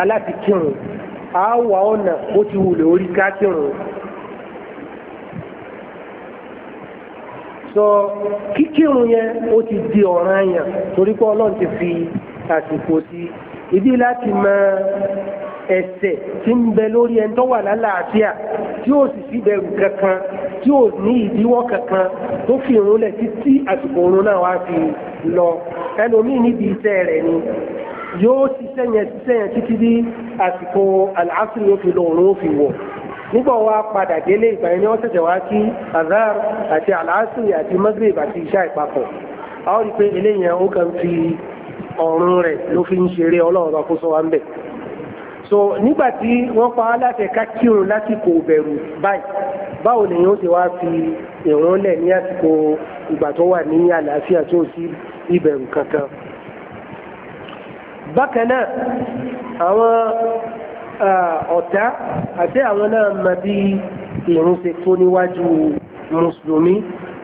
aláti kírun a wà ọ̀nà bó ti wulẹ̀ orí ká kírun. sọ kíkírun yẹn ó ti di ọ̀ràn yẹn torí pé ọlọ́run ti fi àsìkò sí ibi láti máa ẹsẹ̀ tí ń bẹ lórí ẹni tó wà lálàáfíà tí ó sì sí bẹ̀rù kankan tí ó ní ìdíwọ́ kankan tó fi ìrúnlẹ̀ títí àsìkò oorun náà wá fi lọ ẹlòmíì níbi iṣẹ́ rẹ̀ ni yóò ṣiṣẹ́ yẹn ṣiṣẹ́ yẹn títí bí àsìkò àlàáfíà yóò fi lọ òun ó fi wọ̀ nígbà wa padà délé ìgbà yẹn ni wọ́n ṣẹ̀ṣẹ̀ wá kí azar àti àlàáfíà àti magreb àti ìṣá ìpapọ̀ a ó rí i pé eléyẹn ó kàn fi ọ̀run rẹ̀ ló fi ń ṣeré ọlọ́run bá kó sọ wá ń bẹ̀ so nígbà tí wọ́n pa á láti ẹ̀ka kírun lásìkò bẹ̀rù báyìí báwo lèyìn ó ti wá fi ìrún lẹ̀ ní àsìkò ìgbà tó wà ní àlàáfíà tó sí ìbẹ̀rù kankan bákan náà àwọn ọ̀tá àti àwọn náà mọ bí ìrun ṣe tó níwájú mùsùlùmí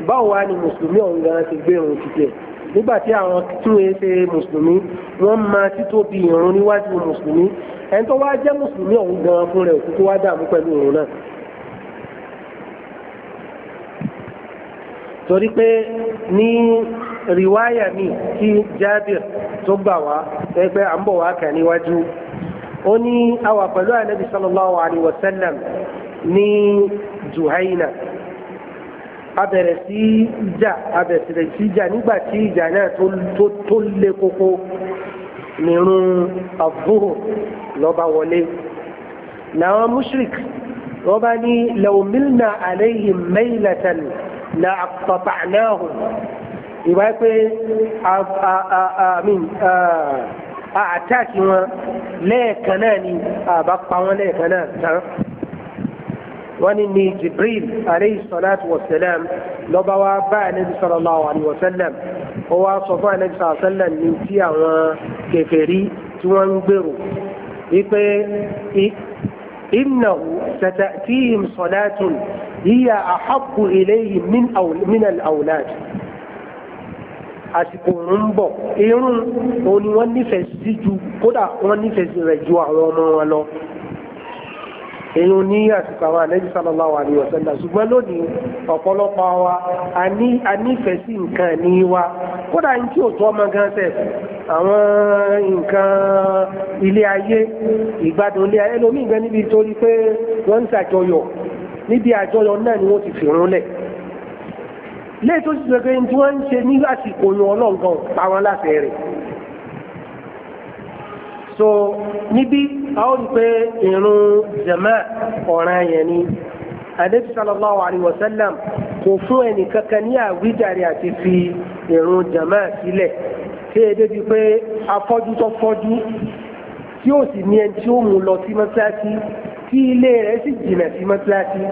báwo wá ni mùsùlùmí ọ̀hún gan ti gbé ìrun títẹ̀ nígbà tí àwọn tún ẹ ṣe mùsùlùmí wọ́n máa títóbi ìrun níwájú mùsùlùmí ẹni tó wá jẹ́ mùsùlùmí ọ̀hún gan fún rẹ̀ òkú tó wá dààmú pẹ̀lú ìrun náà. torí pé ní riwaya mi tí Jabir tó gbà wá ẹgbẹ́ à ń bọ̀ wá kà níwájú ó ní àwa pẹ̀lú ànábì sallallahu alayhi wa sallam ní Juhaina abẹ̀rẹ̀ sí ìjà abẹ̀rẹ̀ sí ìjà nígbà tí ìjà náà tó le koko nírun àbúrò lọ́ba wọlé làwọn mushrik wọ́n bá ní law milna alayhim maylatan la aqtata'nahum ìwà pé àtàkì wọn lẹ́ẹ̀kan náà ni àbá pa wọn lẹ́ẹ̀kan náà tán wọ́n ní ní Jibril aleyhi salatu wa salam lọ́ba wa bá anabi sallallahu alayhi wa sallam ó wá sọ fún anabi sallallahu alayhi wa sallam ní ti àwọn kèfèrí tí wọ́n ń gbèrò wípé innahu satatihim salatun hiya ahabbu ilayhim min al-awlad àsìkò òun ń bọ̀ irun òun ni wọ́n nífẹ̀ẹ́ sí ju kódà wọ́n nífẹ̀ẹ́ rẹ̀ ju àwọn ọmọ wọn lọ èyàn ní àsìkò àwọn àlẹ́jì sallallahu alaihi wasallam ṣùgbọ́n lónìí ọ̀pọ̀lọpọ̀ wa a nífẹ̀ẹ́ sí nǹkan ní wa kódà ní tí ò tó ọmọ gan sẹ̀ àwọn nǹkan ilé ayé ìgbádùn ilé ayé lómi ìgbẹ́ níbi torí pé wọ́n ń ṣàjọyọ̀ níbi àjọyọ̀ náà ni wọ́n ti fìrún lẹ̀ léètò ti sọ̀rọ̀ tí wọ́n ń ṣe nígbà tí oyún ọlọ́ǹkan pa wọn láti rẹ̀ so níbi a ó rí pé ìrun jama ọ̀ràn yẹn ni adébí sallallahu alayhi wa sallam kò fún ẹnì kankan ní àwíjàre àti fi ìrun jama sílẹ̀ tí èdè bíi pé afọ́jú tó fọ́jú tí ó sì ní ẹni tí ó mú lọ sí mọ́tíláṣí tí ilé rẹ̀ sì jìnà sí mọ́tíláṣí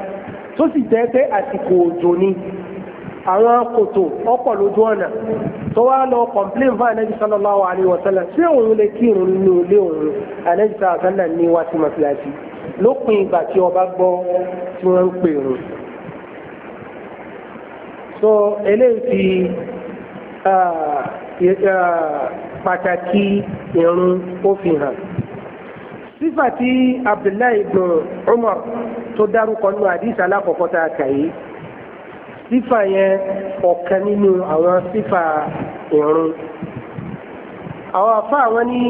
tó sì jẹ́ pé àsìkò òjò ni àwọn kòtò ọ̀pọ̀ lójú ọ̀nà tó wá lọ complain fún anabi sallallahu alayhi wa sallam ṣé òun lè kírun nínú ilé òun anabi sallallahu alayhi wa ní wá sí mọ́síláṣí lópin ìgbà tí ọba gbọ́ tí wọ́n ń pè rùn. so eléyìí ti pàtàkì ìrun ó fi hàn sífà tí abdullahi ibn umar tó dárúkọ nínú àdìsí alákọ̀ọ́kọ́ tá a kà yìí sífà yẹn ọ̀kan nínú àwọn sífà ìrun àwọn afá àwọn ní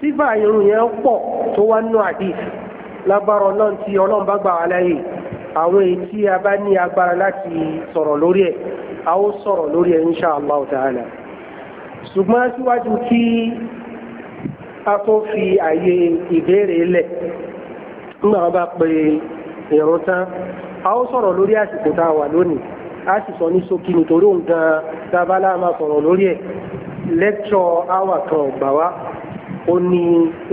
sífà ìrun yẹn pọ̀ tó wá nù àdìs lágbára ọlọ́run tí ọlọ́run bá gbà wá láyè àwọn èyí a bá ní agbára láti sọ̀rọ̀ lórí ẹ̀ a ó sọ̀rọ̀ lórí ẹ̀ insha Allah ta'ala ṣùgbọ́n síwájú kí a tó fi àyè ìbéèrè lẹ̀ nígbà wọn bá pe ìrun tán a ó sọ̀rọ̀ lórí àsìkò tá a wà lónìí a sì sọ ní ṣókí nítorí òun gan dábàlá máa sọ̀rọ̀ lórí ẹ̀ lẹ́kṣọ̀ àwà kan ọ̀gbà wa ó ní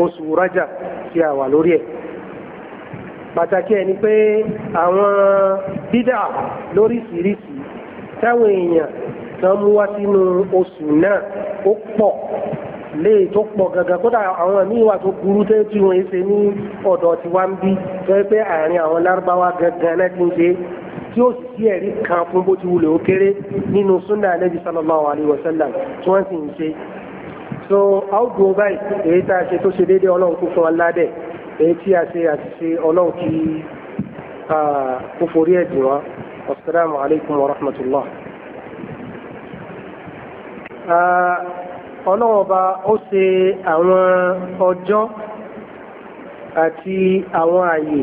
oṣù rájà tí a wà lórí ẹ̀ pàtàkì ẹ̀ ni pé àwọn dídà lóríṣiríṣi táwọn èèyàn tán mú wá sínú oṣù náà ó pọ̀ léè tó pọ̀ gangan kódà àwọn míì wà tó burú tó tí wọ́n ṣe ní ọ̀dọ̀ tí wá ń bí tó yẹ pé àárín àwọn lárúbáwá gangan náà tí ó sì ẹ̀rí kan fún bó ti wulẹ̀ ó kéré nínú súnà Ànábì sallallahu alaihi wasallam tí wọ́n sì ń ṣe. so a ó dùn báyìí èyí tá a ṣe tó ṣe déédéé ọlọ́run kó fún wa ládẹ̀ èyí tí a ṣe àti ṣe ọlọ́run kí kó forí ẹ̀ dùn wa rahmatullah ọlọ́wọ́ba ó ṣe àwọn ọjọ́ àti àwọn àyè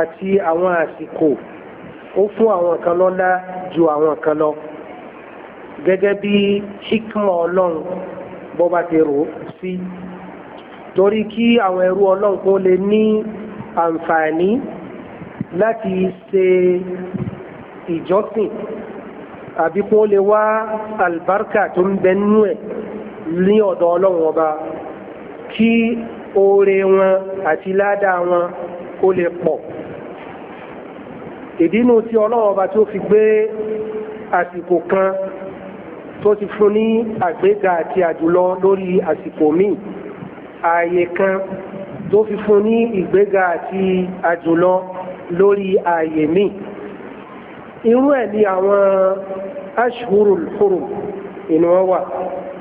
àti àwọn àsìkò ó fún àwọn kan lọ́lá ju àwọn kan lọ gẹ́gẹ́ bí hikmọ̀ ọlọ́run bó bá ti rò sí torí kí àwọn ẹrú ọlọ́run kó lè ní àǹfààní láti ṣe ìjọsìn àbí kó lè wá àlùbáríkà tó ń bẹ nínú ẹ̀ ní ọ̀dọ̀ ọlọ́run ọba kí oore wọn àti ládàá wọn kó lè pọ̀ ìdínú tí ọlọ́run ọba tó fi gbé àsìkò kan tó ti fún ní àgbéga àti àjùlọ lórí àsìkò míì ààyè kan tó fi fún ní ìgbéga àti àjùlọ lórí ààyè míì irú ẹ̀ ni àwọn ashhurul hurum inú wọn wà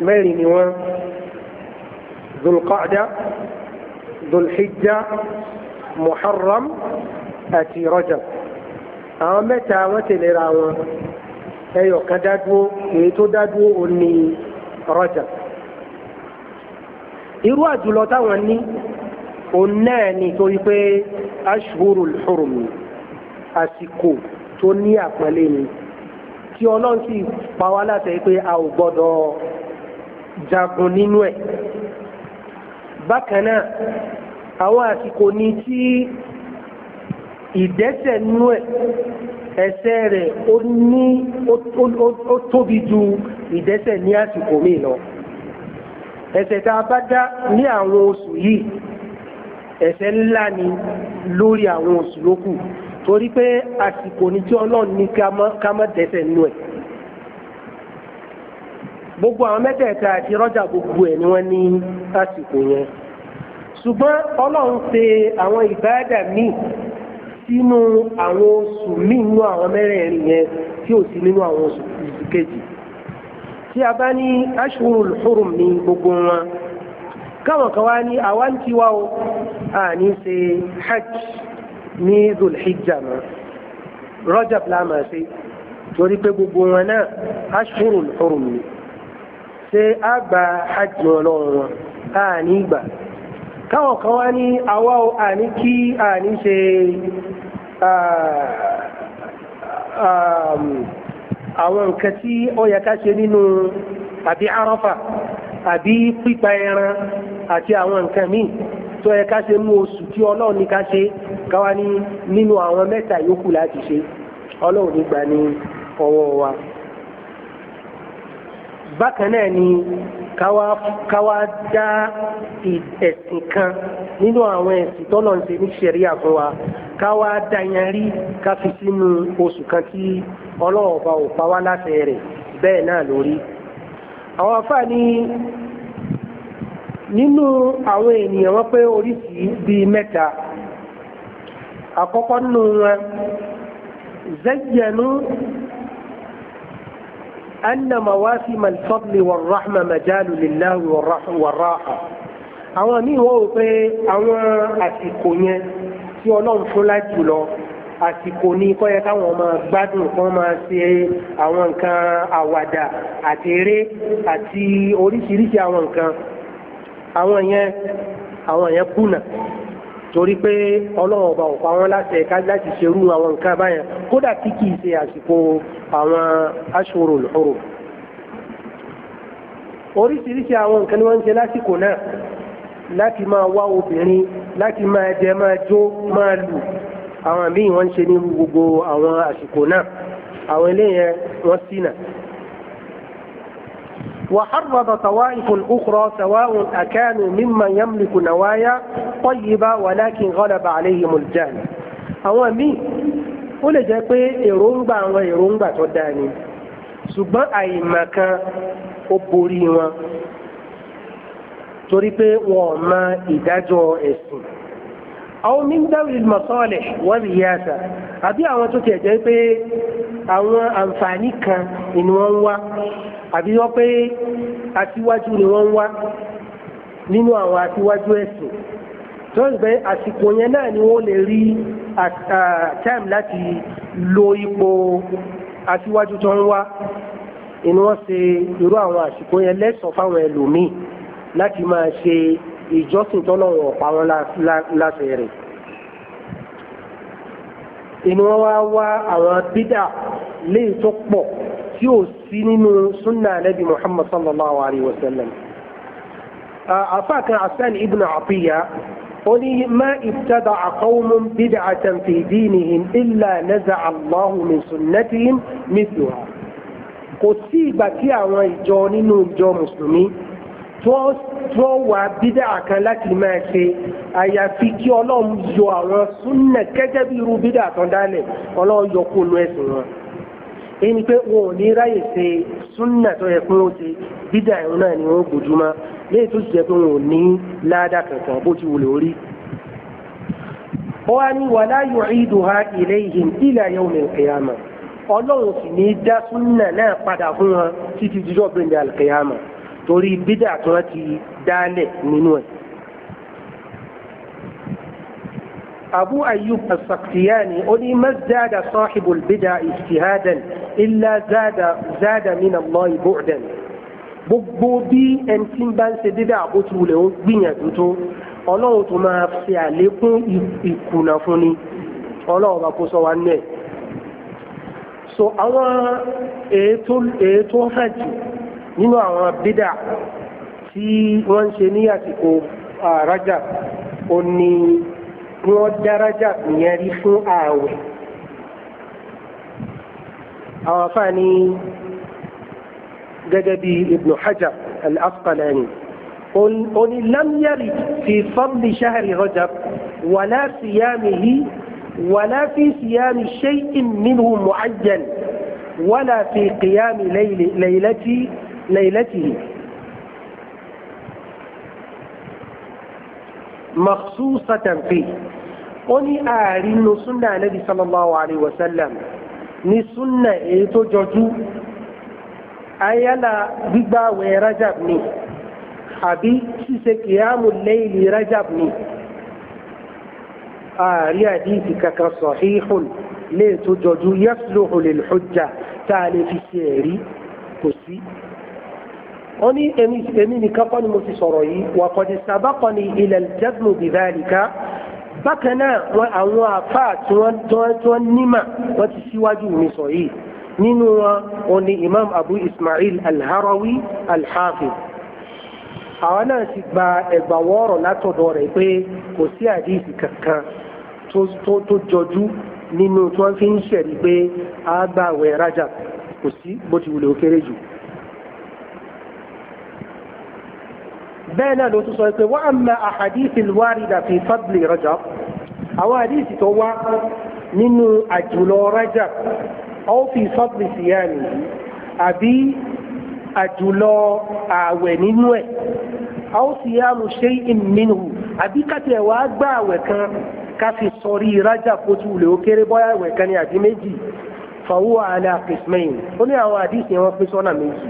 mẹ́rin ni wọ́n zulqaada zulhijja muharram àti rajab àwọn mẹ́ta wọ́n tẹ̀lera wọn ẹyọ kan dádúró èyí tó dádúró ò ní rajab irú àjùlọ táwọn ní òun náà ni torí pé ashhurul hurum àsìkò tó ní àpọ́nlé ni kí ọlọ́run sì pa wá láti pé a ò gbọ́dọ̀ jagun nínú ẹ̀ bákan náà àwọn àsìkò ni tí ìdẹ́sẹ̀ nínú ẹ̀ ẹ̀ṣẹ̀ rẹ̀ ó ní ó tóbi ju ìdẹ́sẹ̀ ní àsìkò míì lọ ẹ̀ṣẹ̀ tá a bá dá ní àwọn oṣù yìí ẹ̀ṣẹ̀ ńlá ni lórí àwọn oṣù lókù torí pé àsìkò ní tí ọlọ́run ní ká má dẹ́ṣẹ̀ nínú ẹ̀ gbogbo àwọn mẹ́tẹ̀ẹ̀ta àti rọ́jà gbogbo ẹ̀ ni wọ́n ní àsìkò yẹn ṣùgbọ́n ọlọ́run ṣe àwọn ìbáàdà míì sínú àwọn oṣù míì nínú àwọn mẹ́rẹ̀ẹ̀rin yẹn tí ò sí nínú àwọn oṣù kejì tí a bá ní ashurul hurum ní gbogbo wọn káwọn kan wá ní àwa ń tiwa o àní ṣe hajj ní zulhijja mọ́ rajab la máa ṣe torí pé gbogbo wọn náà ashurul hurum ni ṣé a gba hajj ọlọ́run wọn a ní gbà káwọn kan wá ní àwa ò àní kí àní ṣe um, àwọn nǹkan tí ó yẹ ká ṣe nínú àbí arafa àbí pípa ẹran àti àwọn nǹkan míì tó yẹ ká ṣe mú oṣù tí ọlọ́run ní ká ṣe káwa ní nínú àwọn mẹ́ta yòókù láti ṣe ọlọ́run nígbà ní ọwọ́ wa bákan náà ni káwa dá ẹ̀sìn kan nínú àwọn ẹ̀sìn tọ́lọ̀ ń ṣe ní ṣẹ̀ríà fún wa káwa dá yẹn rí ká fi sínú oṣù kan tí ọlọ́run ọba ò pa wá láṣẹ rẹ̀ bẹ́ẹ̀ náà lórí àwọn afáà ní nínú àwọn ènìyàn wọ́n pé oríṣi bíi mẹ́ta àkọ́kọ́ nínú wọn zayyanu anna mawasim al-fadli war-rahma majalu lillahi war-raha àwọn míì wọ́n wò pé àwọn àsìkò yẹn tí ọlọ́run fún láti jùlọ àsìkò ní kọ́ yẹ káwọn ọmọ gbádùn kan máa ṣe àwọn nǹkan àwàdà àti àti oríṣiríṣi àwọn nǹkan àwọn yẹn àwọn yẹn kùnà torí pé ọlọ́run ọba ò pa seru láti ẹ̀ka láti ṣerú àwọn nǹkan báyẹn kódà tí kì í ṣe àsìkò àwọn aṣòro lọ́rọ̀ oríṣiríṣi àwọn nǹkan ni wọ́n ń ṣe lásìkò náà láti máa wá obìnrin láti máa jẹ máa jó máa lù àwọn míì wọ́n ń ṣe gbogbo àwọn àsìkò náà àwọn eléyẹn wọ́n وحرض طوائف أخرى سواء أكانوا ممن يملك نوايا طيبة ولكن غلب عليهم الجهل أو مي ولا جاكوي إرومبا وإرومبا توداني سبا أي مكان أبوريما توريبي وما إداجو إسمه àwọn mímúdáwìlì mọ̀sọ́ọ̀lẹ̀ wọ́n rí yáàtà àbí àwọn tó tiẹ̀ jẹ́ pé àwọn àǹfààní kan ni wọ́n ń wá àbí wọ́n pé aṣíwájú ni wọ́n ń wá nínú àwọn aṣíwájú ẹ̀sìn tó ń gbé àsìkò yẹn náà ni wọ́n lè rí time láti lo ipò aṣíwájú tó ń wá inú wọn ṣe irú àwọn àsìkò yẹn lẹ́sọ̀ fáwọn ẹlòmíì láti máa ṣe ìjọsìn tọ́lọ́run ọ̀pá wọn láṣẹ rẹ̀ inú wọn wá wá àwọn bídà léyìí tó pọ̀ tí ò sí nínú súnà Ànábì Muhammad sallallahu alayhi wa sallam afáàkan asan ibn Atiyya ó ní má ibtada qawmun bid'atan fi dinihim illa naza'a Allahu min sunnatihim mithlaha kò sí ìgbà tí àwọn ìjọ nínú ìjọ mùsùlùmí tó wà bídà kan láti máa ṣe àyàfi kí ọlọ́run yọ àwọn súnnà gẹ́gẹ́ bí irú bídà tán ọlọ́run yọ kó lu ẹ̀sìn wọn èyí ni pé wọn ò ní ráyè ṣe súnnà tó yẹ bídà ẹ̀rùn náà ni wọ́n gbójúmọ́ léyìí tó jẹ́ pé wọn ò ní kankan bó ti orí ọlọ́run sì ní dá náà padà fún wọn títí torí bídà tí wọ́n ti dálẹ̀ nínú ẹ̀. abu ayyub as-saktiyani ó ní ma zada sahibul bídà ijtihadan illa zada zada min allah bu'dan gbogbo bí ẹni tí ń bá ń ṣe bídà bó ti wulẹ̀ ó gbìyànjú tó ọlọ́run tó máa fi àlékún ìkùnà fún ni ọlọ́run bá kó sọ wa nílẹ̀ so àwọn èyí tó hàn jù nínú àwọn bídà tí wọ́n ṣe ní àsìkò àrájà ó ní wọ́n dárájà nìyẹn rí fún ààwẹ̀ àwọn afáà ní gẹ́gẹ́ bí ibn hajar al-asqalani ó ní lam yarid fi fadli shahri rajab wàlá siyamihi wàlá fi siyami shay'in minhu mu'ayyan wàlá fi qiyami laylati ليلته مخصوصة فيه أني آل سنة النبي صلى الله عليه وسلم نسنة إيتو جوجو أيلا بيبا ويرجبني أبي سيسي قيام الليل رجبني آريا آه ديتك كصحيح ليتو جوجو يصلح للحجة تالي في سيري ó ní èmi èmi nìkan kọ́ ni mo ti sọ̀rọ̀ yìí wà kọ́ni sábàkọ́ ni ilẹ̀ jẹ́gbù bìbáyàlìká bákan náà wọn àwọn àfáà tí wọ́n tí wọ́n nímà wọ́n ti síwájú mi sọ yìí nínú wọn ó ní imam abu ismail alharawi alhafiz àwọn náà ti gba ẹgbàwọ́ọ̀rọ̀ látọ̀dọ̀ rẹ̀ pé kò sí àdíìsì kankan tó jọjú nínú tí wọ́n fi ń ṣẹ̀rí pé àgbàwẹ̀ rájà kò sí bó ti wùlẹ̀ ó kéré jù. bẹ́ẹ̀ náà ló tún sọ pé wọ́n á mọ àhàdíìsì wárìdà fi fadli Rajab àwọn àdíìsì tó wá nínú àjùlọ Rajab ó fi fadli síyáàmì àbí àjùlọ ààwẹ̀ nínú ẹ̀ ó síyáàmù shay'in minhu àbí kàtẹ́ wàá gbà àwẹ̀ kan ká fi sọrí Rajab kó lè ó kéré bọ́yá àwẹ̀ kan ní àbí méjì fàwọ́ àlà qismayn ó ní àwọn àdíìsì wọn pín sọ́nà méjì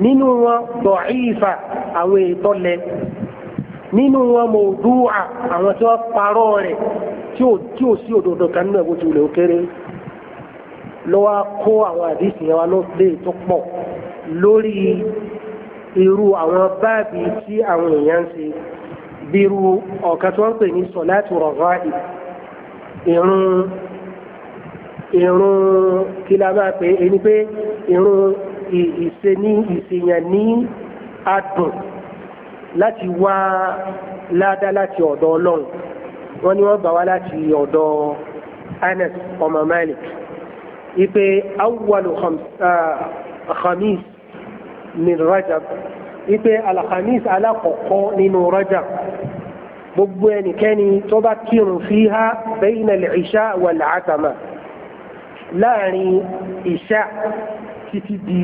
nínú wọn dọ̀ífà àwọn ètò lẹ nínú wọn mọ̀ọ́dúwà àwọn tí wọ́n parọ́ rẹ̀ tí ò sí òdòdó kan nínú ẹ̀wọ̀n tí ilẹ̀ ó kéré lọ́wọ́ kó àwọn àdìsí yẹn wa ló lè tó pọ̀ lórí irú àwọn báàbí tí àwọn èèyàn ń ṣe bí irú ọ̀kan tí wọ́n pè ní sọ̀láàtì rọ̀gá ìrun ìrun kí la máa pè é ni pé ìrun ìṣe ní ìṣèyàn ní adùn láti wá ládá láti ọ̀dọ̀ ọlọ́run wọ́n ní wọ́n bá wá láti ọ̀dọ̀ Anas ọmọ Malik ipe awwalu khamis min Rajab ipe alhamis alakọ̀kọ́ nínú Rajab gbogbo ẹnikẹ́ni tó bá kírun fiha bayna al-isha wal láàrin ìṣá títí di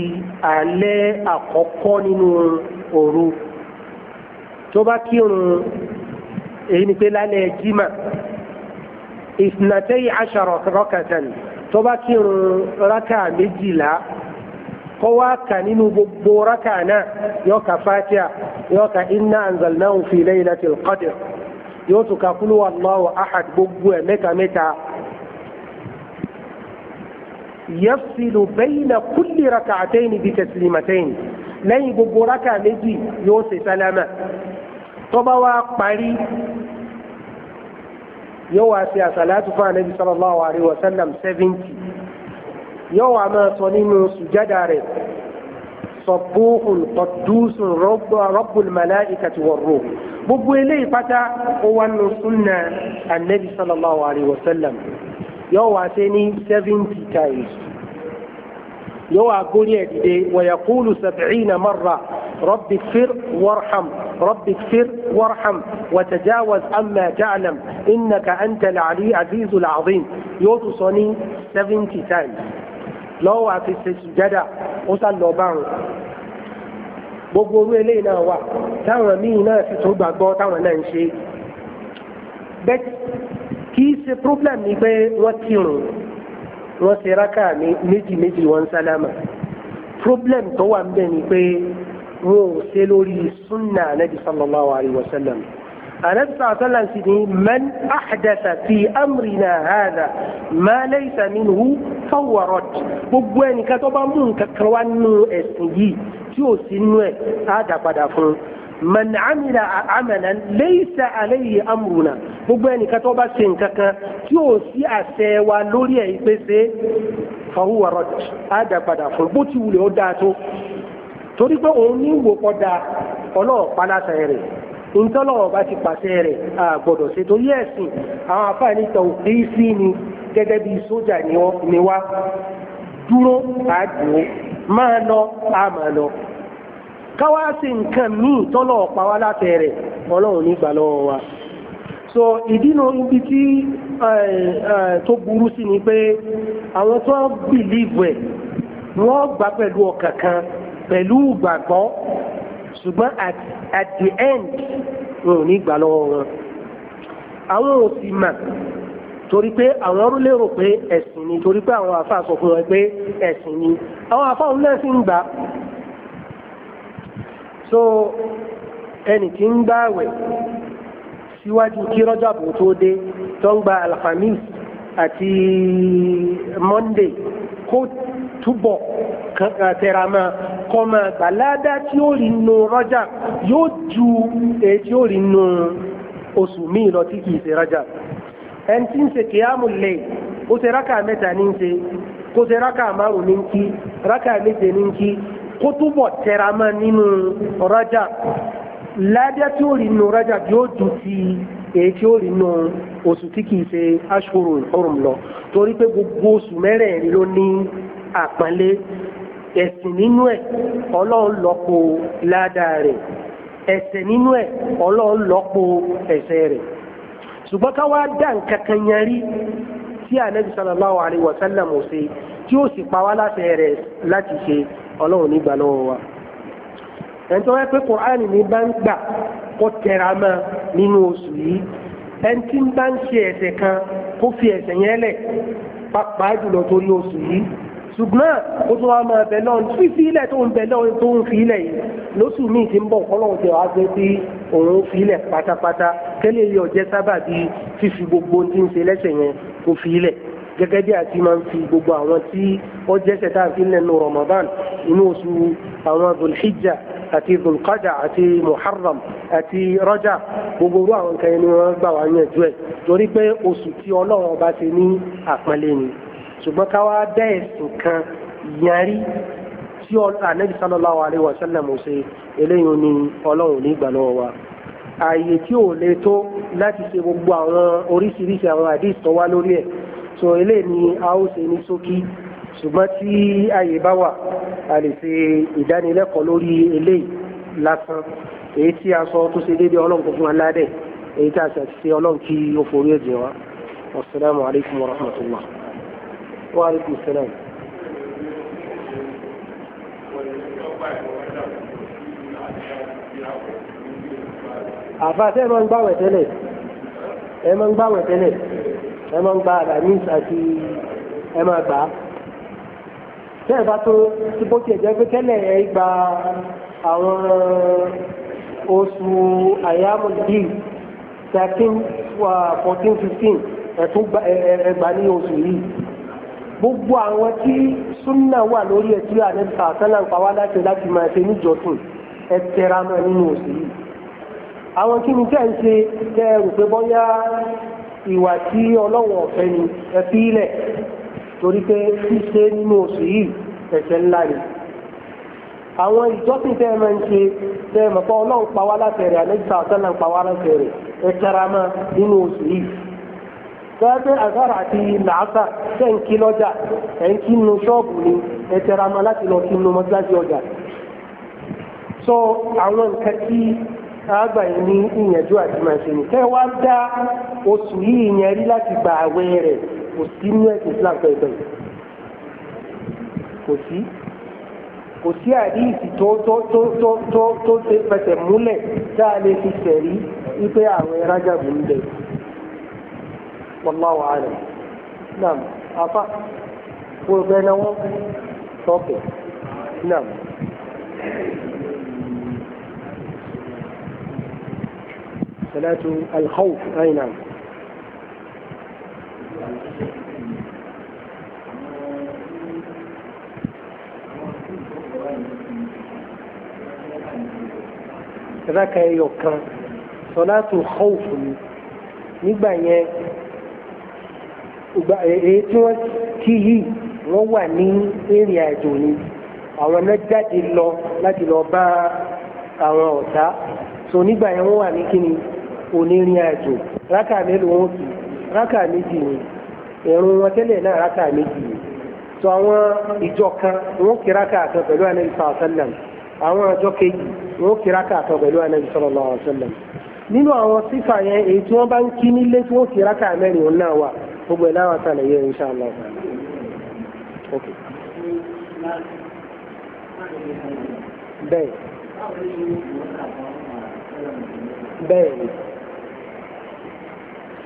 alẹ́ àkọ́kọ́ nínú òru tó bá kírun èyí ni pé lálẹ́ jimá ìsìnàtẹ́yì aṣàrọ̀ rọ́kàtàn tó bá kírun rákà méjìlá kó wá kà nínú gbogbo rákà náà yóò ka fatiha yóò ka inna anzalnahu fi laylatil qadr yóò tún ka kúlúwà Allahu ahad gbogbo ẹ̀ mẹ́ta mẹ́ta yafsilu bayna kulli rak'atayn bi taslimatayn lẹ́yìn gbogbo rákà méjì yóò ṣe sálámà tó bá wá parí yóò wá sí àsàlátù fún ànábì sallallahu alaihi wa sallam seventy yóò wá máa sọ nínú sùjádà rẹ̀ sọ̀bùhùn quddusun rabbul malaikati war-ruh gbogbo eléyìí pátá ó wà nù súnà ànábì sallallahu alaihi wa sallam yóò wá sí ní seventy times. يوا قولي دي ويقول سبعين مرة رب اغفر وارحم رب اغفر وارحم وتجاوز أما تعلم إنك أنت العلي عزيز العظيم يوتو صني 70 times لو في السجدة وصل لبان بقولوا لي نوا تاو مينا في توبة قوة ننشي بس كيس problem ni pe wa kirun wọ́n ti rákà méjì méjì wọ́n sálámà problem tó wà ń bẹ̀ ni pé wọn ò ṣe lórí sunna anabi sallallahu alayhi wa sallam anabi sallallahu alayhi wa sallam sì ni man ahdatha fi amrina hadha ma laysa minhu fahuwa gbogbo ẹnìkan tó bá mú nǹkan kan wá nínú ẹ̀sìn yìí tí ò sí nínú ẹ̀ á dà padà fún un. من amila عملا ليس عليه amruna gbogbo ẹnìkan tó bá ṣe nǹkan kan tí ò sí àṣẹ wa lórí ẹ̀ pé ṣe fahuwa radd àdàpadà fún bó ti wulẹ̀ ó dáa tó torí pé òun ní ìwò kọ́dà ọlọ́ọ̀pá látàrí rẹ̀ ntọ́lọ́wọ́ bá ti pàṣẹ rẹ̀ àgbọ̀dọ̀ ṣe torí ẹ̀sìn àwọn afáàní tàn kí sí ni gẹ́gẹ́ bí sójà ni wá dúró àdúró máa lọ àmà lọ káwáṣe nǹkan míì tọ́lọ̀ ọ̀pá wá látẹ̀ẹ̀rẹ̀ ọlọ́run nígbà lọ́wọ́ wa so ìdínà ibi tí tó burú sí ni pé àwọn tó bìlíìvù ẹ̀ wọ́n gbà pẹ̀lú ọkàn kan pẹ̀lú ìgbàgbọ́ ṣùgbọ́n at the end wọn ò ní gbà lọ́wọ́ wọn àwọn ò sì mà torí pé àwọn lérò pé ẹ̀sìn ni torí pé àwọn àfa sọ fún wọn pé ẹ̀sìn ni àwọn àfa òun náà sì ń gbà so ẹnì tí ń gbààwẹ̀ síwájú kí rọ́jàbù tó dé tó ń gba alhamis àti monday kó túbọ̀ tẹ̀ramọ́ kọ́ máa tí ó rí nu rọ́jà yóò ju èyí tí ó rí nu oṣù míì lọ tí kìí ṣe rọ́jà ẹni tí ń ṣe kìámù lè ó ṣe rákà mẹ́ta ní ṣe kó ṣe rákà márùn ní kí rákà méje ní kí kó túbọ̀ tẹra mọ́ nínú Rajab ládé tí ó rí nínú Rajab yóò ju ti èyí tí ó rí nínú oṣù tí kìí ṣe aṣòro ìhòrùn lọ torí pé gbogbo oṣù mẹ́rẹ̀ẹ̀rin ló ní àpọ́nlé ẹ̀sìn nínú ẹ̀ ọlọ́run lọ́pọ̀ ládàá rẹ̀ ẹ̀ṣẹ̀ nínú ẹ̀ ọlọ́run lọ́pọ̀ ẹ̀ṣẹ̀ rẹ̀ ṣùgbọ́n ká wá dá nǹkan kan yanrí tí ànábì sallallahu alaihi wa sallam ṣe tí ó sì pa wá láṣẹ rẹ̀ láti ṣe ọlọ́run nígbà lọ́wọ́ wa ẹni tó wáyé pé kùránì ní bá ń gbà kó tẹra mọ́ nínú oṣù yìí ẹni tí ń bá ń ṣe ẹ̀ṣẹ̀ kan kó fi ẹ̀ṣẹ̀ yẹn lẹ̀ pàápàá jùlọ torí oṣù yìí ṣùgbọ́n ó tún wá máa bẹ̀ lọ́n tí fi ilẹ̀ tó ń bẹ̀ lọ́n tó ń fi ilẹ̀ yìí lóṣù míì ti ń bọ̀ kọ́lọ́hún ti wá gbé sí òun fi ilẹ̀ pátápátá kẹ́lẹ́ yọ jẹ́ sábà fífi gbogbo ohun tí ń ṣe lẹ́sẹ̀ yẹn kó fi ilẹ̀ gẹ́gẹ́ bí àti máa ń fi gbogbo àwọn tí ó jẹ́sẹ̀ tá a fi lẹ́nu Ramadan inú oṣù àwọn Dhul-Hijjah àti Dhul-Qa'dah àti Muharram àti Rajab gbogbo orú àwọn kan ni wọ́n gbà wá yànjú ẹ̀ torí pé oṣù tí Ọlọ́run ọba ṣe ní àpọ́nlé ni ṣùgbọ́n ká wá dá ẹ̀sùn kan yarí tí Ànábì sallallahu alaihi wa sallam ṣe eléyìí ni Ọlọ́run ní ìgbà lọ́wọ́ wa ààyè tí ò le tó láti ṣe gbogbo àwọn oríṣiríṣi àwọn àdìs tó wá lórí ẹ̀ so eléyìí ni a ó ṣe ní ṣókí ṣùgbọ́n tí ààyè bá wà a lè ṣe ìdánilẹ́kọ̀ọ́ lórí eléyìí lásán èyí tí a sọ tó ṣe déédéé ọlọ́run kò fún wa ládẹ̀ èyí tí a ṣe àti ṣe ọlọ́run kí ó forí ẹ̀jẹ̀ wa wasalaamu alaykum wa rahmatulah wa alaykum salaam. àfa ṣe é máa ń gbàwẹ̀ tẹ́lẹ̀ ẹ máa ń gbàwẹ̀ tẹ́lẹ̀ ẹ máa ń gba àdàmís àti ẹ máa gbà á tẹ́ ẹ bá tó tí bó tiẹ̀ jẹ́ pé tẹ́lẹ̀ ẹ gba àwọn oṣù àyámọ̀dì thirteen fourteen fifteen ẹ̀tún ẹgbà ní oṣù yìí gbogbo àwọn tí súnà wà lórí ẹtí àdẹ́sà sẹ́làǹpá wá láti láti máa ṣe níjọsìn ẹ tẹra mọ́ nínú oṣù yìí àwọn kí ni tẹ́ ń ṣe tẹ́ rò pé bọ́yá ìwà tí ọlọ́wọ̀ ọ̀fẹ́ ni ẹ̀fí ilẹ̀ torí pé ṣíṣe nínú oṣù yìí ẹ̀ṣẹ̀ ńlá ni àwọn ìjọsìn tẹ́ ẹ ń ṣe tẹ́ ẹ mọ̀ ọlọ́run pa wá láti ẹ̀rẹ̀ àlẹ́gbẹ̀ta ọ̀sán pa wá láti ẹ tẹra mọ́ nínú oṣù yìí àti tẹ́ ń kí lọ́jà ẹ̀ ń kí nu ṣọ́ọ̀bù ni ẹ mọ́ àgbà ní ìyànjú àti máa ṣe dá oṣù yìí yẹn rí láti gba àwẹ̀ rẹ̀ kò sí ní ẹ̀sìn Islam pẹ̀lú kò sí kò sí àdíìsì tó tó tó tó tó tó ṣe fẹsẹ̀ múlẹ̀ tá a lè fi ṣẹ̀rí wípé ń صلاة الخوف أي نعم ذاك يوكا صلاة الخوف nígbà yẹn èyí tí wọ́n kí yìí wọ́n wà ní èrè àjò ni àwọn náà jáde lọ láti lọ bá àwọn ọ̀tá so nígbà yẹn wọ́n wà ní kíni onírìn àjò rákà mélòó wọn kì rákà méjì ni ìrun wọn tẹ́lẹ̀ náà rákà méjì ni tó àwọn ìjọ kan wọn kì rákà kan pẹ̀lú anabi sallallahu àwọn ọjọ́ kejì wọn kì rákà kan pẹ̀lú anabi sallallahu nínú àwọn sífà yẹn èyí tí wọ́n bá ń kí nílé tí wọ́n kì rákà mẹ́rin òun náà wà gbogbo ẹ̀ láwọn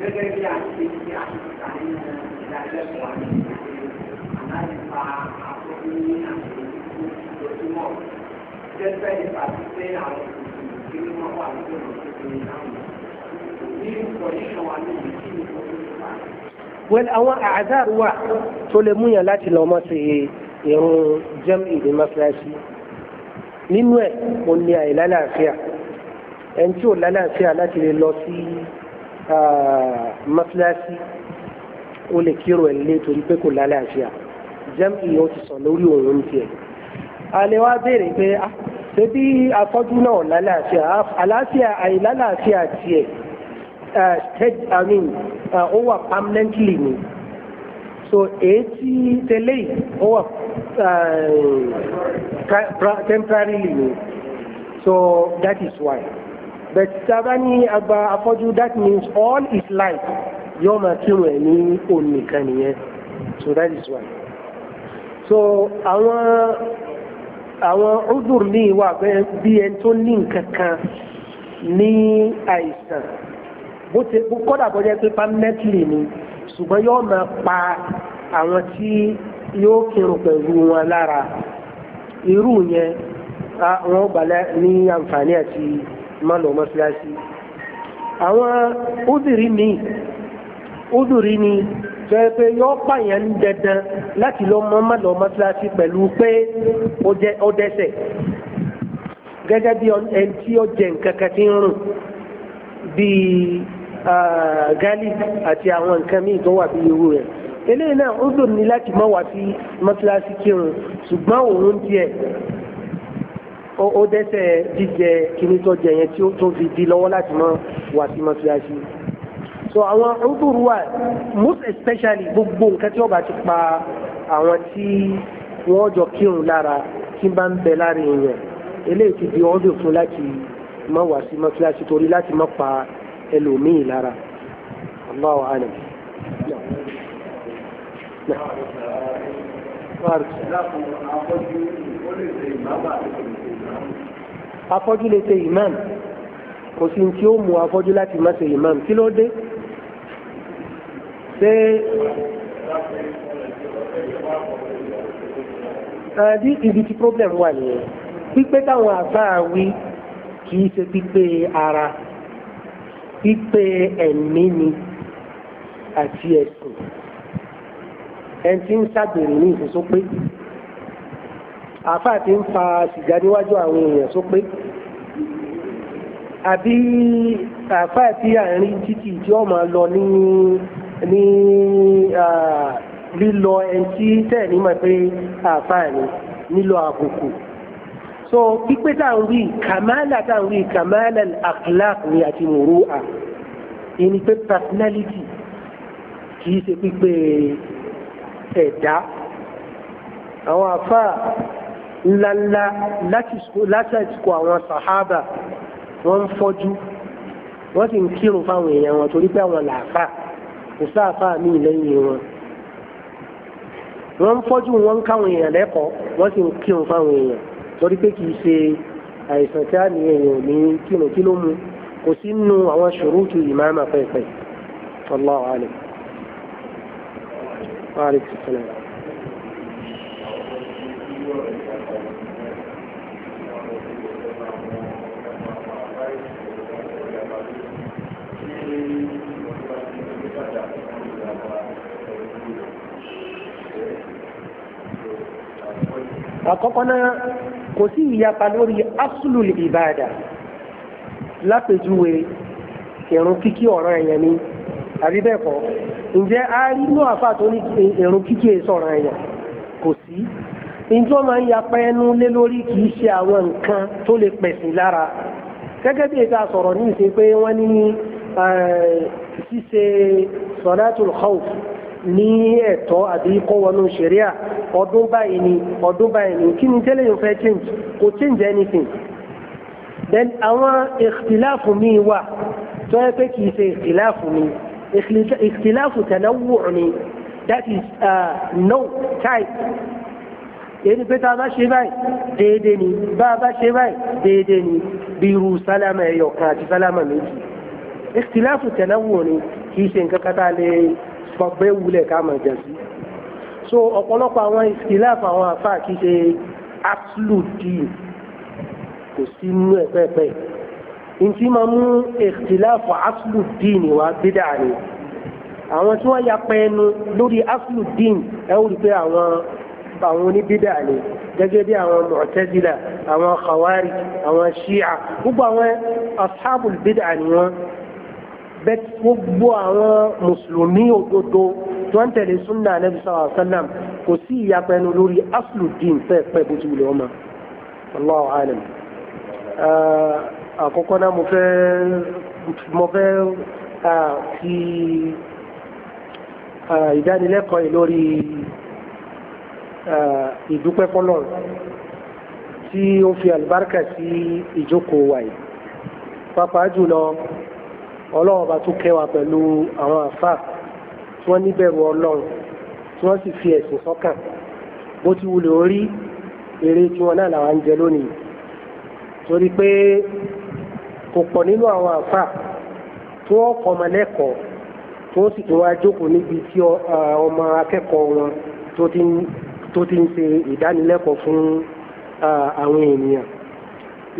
gẹ́gẹ́ bí a ṣe ṣe àṣìṣà nínú ìdánilẹ́kọ̀ọ́ àti àlàyé àkókò ní àṣìṣe lójúmọ́. Jẹ́fẹ́ àwọn òṣèlú wà tó lè múyàn láti lọ sí irun jẹ́m ìdí mọ́sálásí nínú ẹ̀ mo ní àìlálàáfíà ẹni tí ò lálàáfíà láti lè lọ sí mọ́sálásí ó lè kírun ẹ̀ lé torí pé kò lálàáfíà jẹ́m ìyẹn ó ti sàn lórí òun tiẹ̀. alẹ́ wa béèrè pé ṣé bí afọ́jú náà lálàáfíà àlàáfíà àìlálàáfíà tiẹ̀ state i mean ó wà permanently ni so èyí tí tẹ́lẹ̀ yìí ó wà temporarily ni so that is why. but tabani agba afọ́jú that means all is light. Yọọ ma kírun ẹ̀ ní òun so that is why so àwọn àwọn ní ìwà bí ẹni tó ní nǹkan kan ní àìsàn bó ti kọ́dà bó jẹ́ pé permanently ni ṣùgbọ́n yóò máa pa àwọn tí yóò kírun pẹ̀lú wọn lára irú yẹn ní àǹfààní àti. má lọ mọ́ṣáláṣí àwọn údìrí mi údìrí ni jẹ́ pé yọ́ pààyàn ní dandan láti lọ mọ́ má lọ mọ́ṣáláṣí pẹ̀lú pé ó dẹ́ṣẹ̀ gẹ́gẹ́ bí ẹni tí ó jẹ nǹkan kan tí ń rùn bíi garlic àti àwọn nǹkan míì tó wà bí irú rẹ̀ eléyìí náà ó dùn ní láti má wá sí mọ́ṣáláṣí kírun ṣùgbọ́n òun díẹ̀ ó dẹ́sẹ̀ jíjẹ kíní tó jẹ yẹn tí ó tó fi di lọ́wọ́ láti mọ wà sí mọ́ síláṣí so àwọn ọdúnrún wa most especially gbogbo nǹkan tí ó bá ti pa àwọn tí wọ́n jọ kírun lára tí bá ń bẹ lára èèyàn eléyìí ti di ọdún fún láti mọ wà sí mọ́ síláṣí torí láti mọ́ pa ẹlòmíì lára Allahu alam. Láàrín. Láàrín. Láàrín afọ́jú lè ṣe imam kò sí tí ó mú afọ́jú láti má ṣe imam kí ló dé ṣé àbí ibi tí problem wà nìyẹn pípé táwọn àfáà wí kì í ṣe pípé ara pípé ẹ̀mí ni àti ẹ̀sìn ẹni tí ń ṣàgbèrè ní ìfúnṣó àfáà ti ń fa sìgá níwájú àwọn èèyàn só pé àbí àfáà tí à ń rí títì tí ó máa lọ ní ní lílọ ẹni tí tẹ̀ ní mọ̀ pé àfáà ni nílò àbùkù so pípé tá à ń wí kàmáàlà tá à ń wí kàmáàlà àkìlák ni àti mùrúà ẹni pé personality kì ṣe pípé ẹ̀dá àwọn àfáà ńláńlá láti àsìkò àwọn sàhábà wọ́n ń fọ́jú wọ́n sì ń kírun fáwọn èèyàn wọn torí pé àwọn làáfà kò sáàfà míì lẹ́yìn wọn wọ́n ń fọ́jú wọn ń káwọn èèyàn lẹ́kọ̀ọ́ wọ́n sì ń kírun fáwọn èèyàn torí pé kì í ṣe àìsàn tí a ní èèyàn ní kírun kí ló mu kò sí nínú àwọn ṣùrútù ìmáàmà pẹ́ẹ́pẹ́ Allahu alim. àkọ́kọ́ kò sí ìyapa lórí asulul ibada lápèjúwe ẹ̀rùn kíkí ọ̀ràn ẹ̀yàn ni àbí bẹ́ẹ̀ kọ́ ǹjẹ́ a rí inú àfà tó ní ẹ̀rùn kíkí èso ọ̀ràn kò sí ìjọ máa ń yapa ẹnu lé lórí kì í ṣe àwọn nǹkan tó lè pẹ̀sìn lára gẹ́gẹ́ bí àsọ̀rọ̀ ní pé wọ́n ní eh, ṣíṣe ní ẹ̀tọ́ àbí ṣẹ̀ríà ọdún báyìí ni ọdún báyìí ni kí ni tẹ́lẹ̀ yóò fẹ́ change kò change anything then àwọn ìkìláàfù mi wà tó yẹ pé kì í ṣe ìkìláàfù mi ìkìláàfù tanawwu' ni that is uh, no type èyí pé tá a bá ṣe báyìí déédéé ni bá a bá ṣe báyìí déédéé ni bí irú sálámà ẹyọ kan àti sálámà méjì ìkìláàfù tanawwu' ni kì í ṣe nǹkan kan lè sọ wulẹ̀ ká máa jà sí so ọ̀pọ̀lọpọ̀ àwọn ìsìláàfù àwọn àfáà kì í ṣe absolute kò sí inú ẹ̀ pẹ́ẹ́pẹ́ ntí máa mú ìsìláàfù absolute ni wàá bídà ni àwọn tí wọ́n ya pẹ́ẹ́nu lórí absolute ẹ̀ ó rí pé àwọn àwọn oníbídà ni gẹ́gẹ́ bí àwọn mọ̀tẹ́dìlà àwọn kàwárì àwọn ṣíà gbogbo àwọn asábùl bídà ni wọ́n bẹ́ẹ̀ gbogbo àwọn mùsùlùmí òdodo tí wọ́n tẹ̀lé súnà anabi sallallahu alaihi wasallam kò sí ìyapa ẹnu lórí aslu din fẹ́ pẹ́ bó ti wulẹ̀ ọmọ Allahu alam àkọ́kọ́ náà mo fẹ́ mo fẹ́ fi ìdánilẹ́kọ̀ọ́ yìí lórí ìdúpẹ́ fọ́lọ́run tí ó fi àlùbáríkà sí ìjókòó wa yìí pàápàá jùlọ ọlọ́wọ́ bá tún kẹwàá pẹ̀lú àwọn àfáà tí wọ́n níbẹ̀rù ọlọ́run tí wọ́n sì fi ẹ̀sìn sọ́kàn bó ti wulẹ̀ orí eré tí wọ́n náà làwọn ń jẹ lónìí torí pé kò pọ̀ nínú àwọn àfà tí wọ́n kọ́ ọmọ lẹ́kọ̀ọ́ tí wọ́n sì tún wá jókòó níbi tí ọmọ akẹ́kọ̀ọ́ wọn tó ti ń ṣe ìdánilẹ́kọ̀ọ́ fún àwọn ènìyàn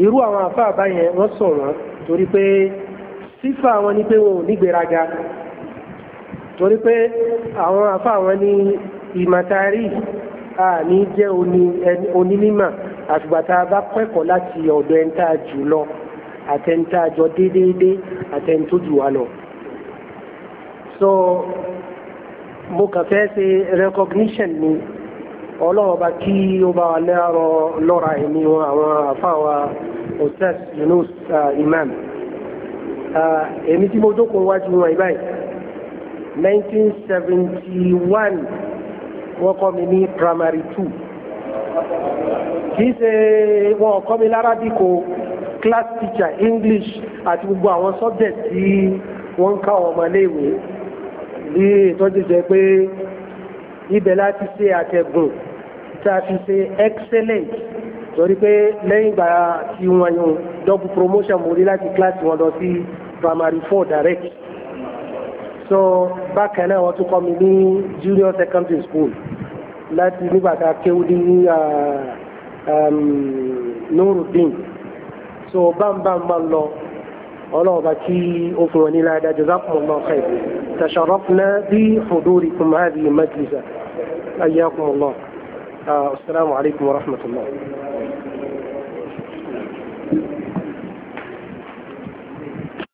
irú àwọn àfà báyẹn wọ́n sọ torí pé sífà wọn ni pé wọn ò nígbéraga torí pé àwọn afá wọn ní ìmọ̀tàrí a ní jẹ́ onímọ̀ àtùgbà tá a bá kẹ́kọ̀ọ́ láti ọ̀dọ̀ ẹni tá a jù lọ àtẹni a jọ déédéé àtẹni tó jù lọ. so mo kàn fẹ́ ṣe recognition ni ọlọ́wọ́ bá kí ó bá wà lẹ́rọ lọ́ra ẹ̀mí wọn àwọn àfáwà Ustaz Yunus uh, Imam uh, èmi tí mo jókòó wájú wọn báyìí 1971 wọ́n kọ́ mi ní primary two kìí ṣe wọn kọ́ mi lárabíkò class teacher english àti gbogbo àwọn subject tí wọ́n ń ká àwọn ọmọléèwé bí ìtọ́jú jẹ́ pé ibẹ̀ láti ṣe àtẹ̀gùn tí fi ṣe excellent torí pé lẹ́yìn ìgbà tí wọ́n yan double promotion mo rí láti class wọn lọ sí primary four direct so bákan náà wọ́n tún kọ́ mi ní junior secondary school láti nígbà tá a kéwú ní um, nurudin so bámbámbám lọ ọlọ́run bá kí ó fún wọn ní ládàá jazakumullahu khair tasharafna bi hudurikum hadhihi majlisa ayyakumullah uh, assalamu alaikum wa rahmatullah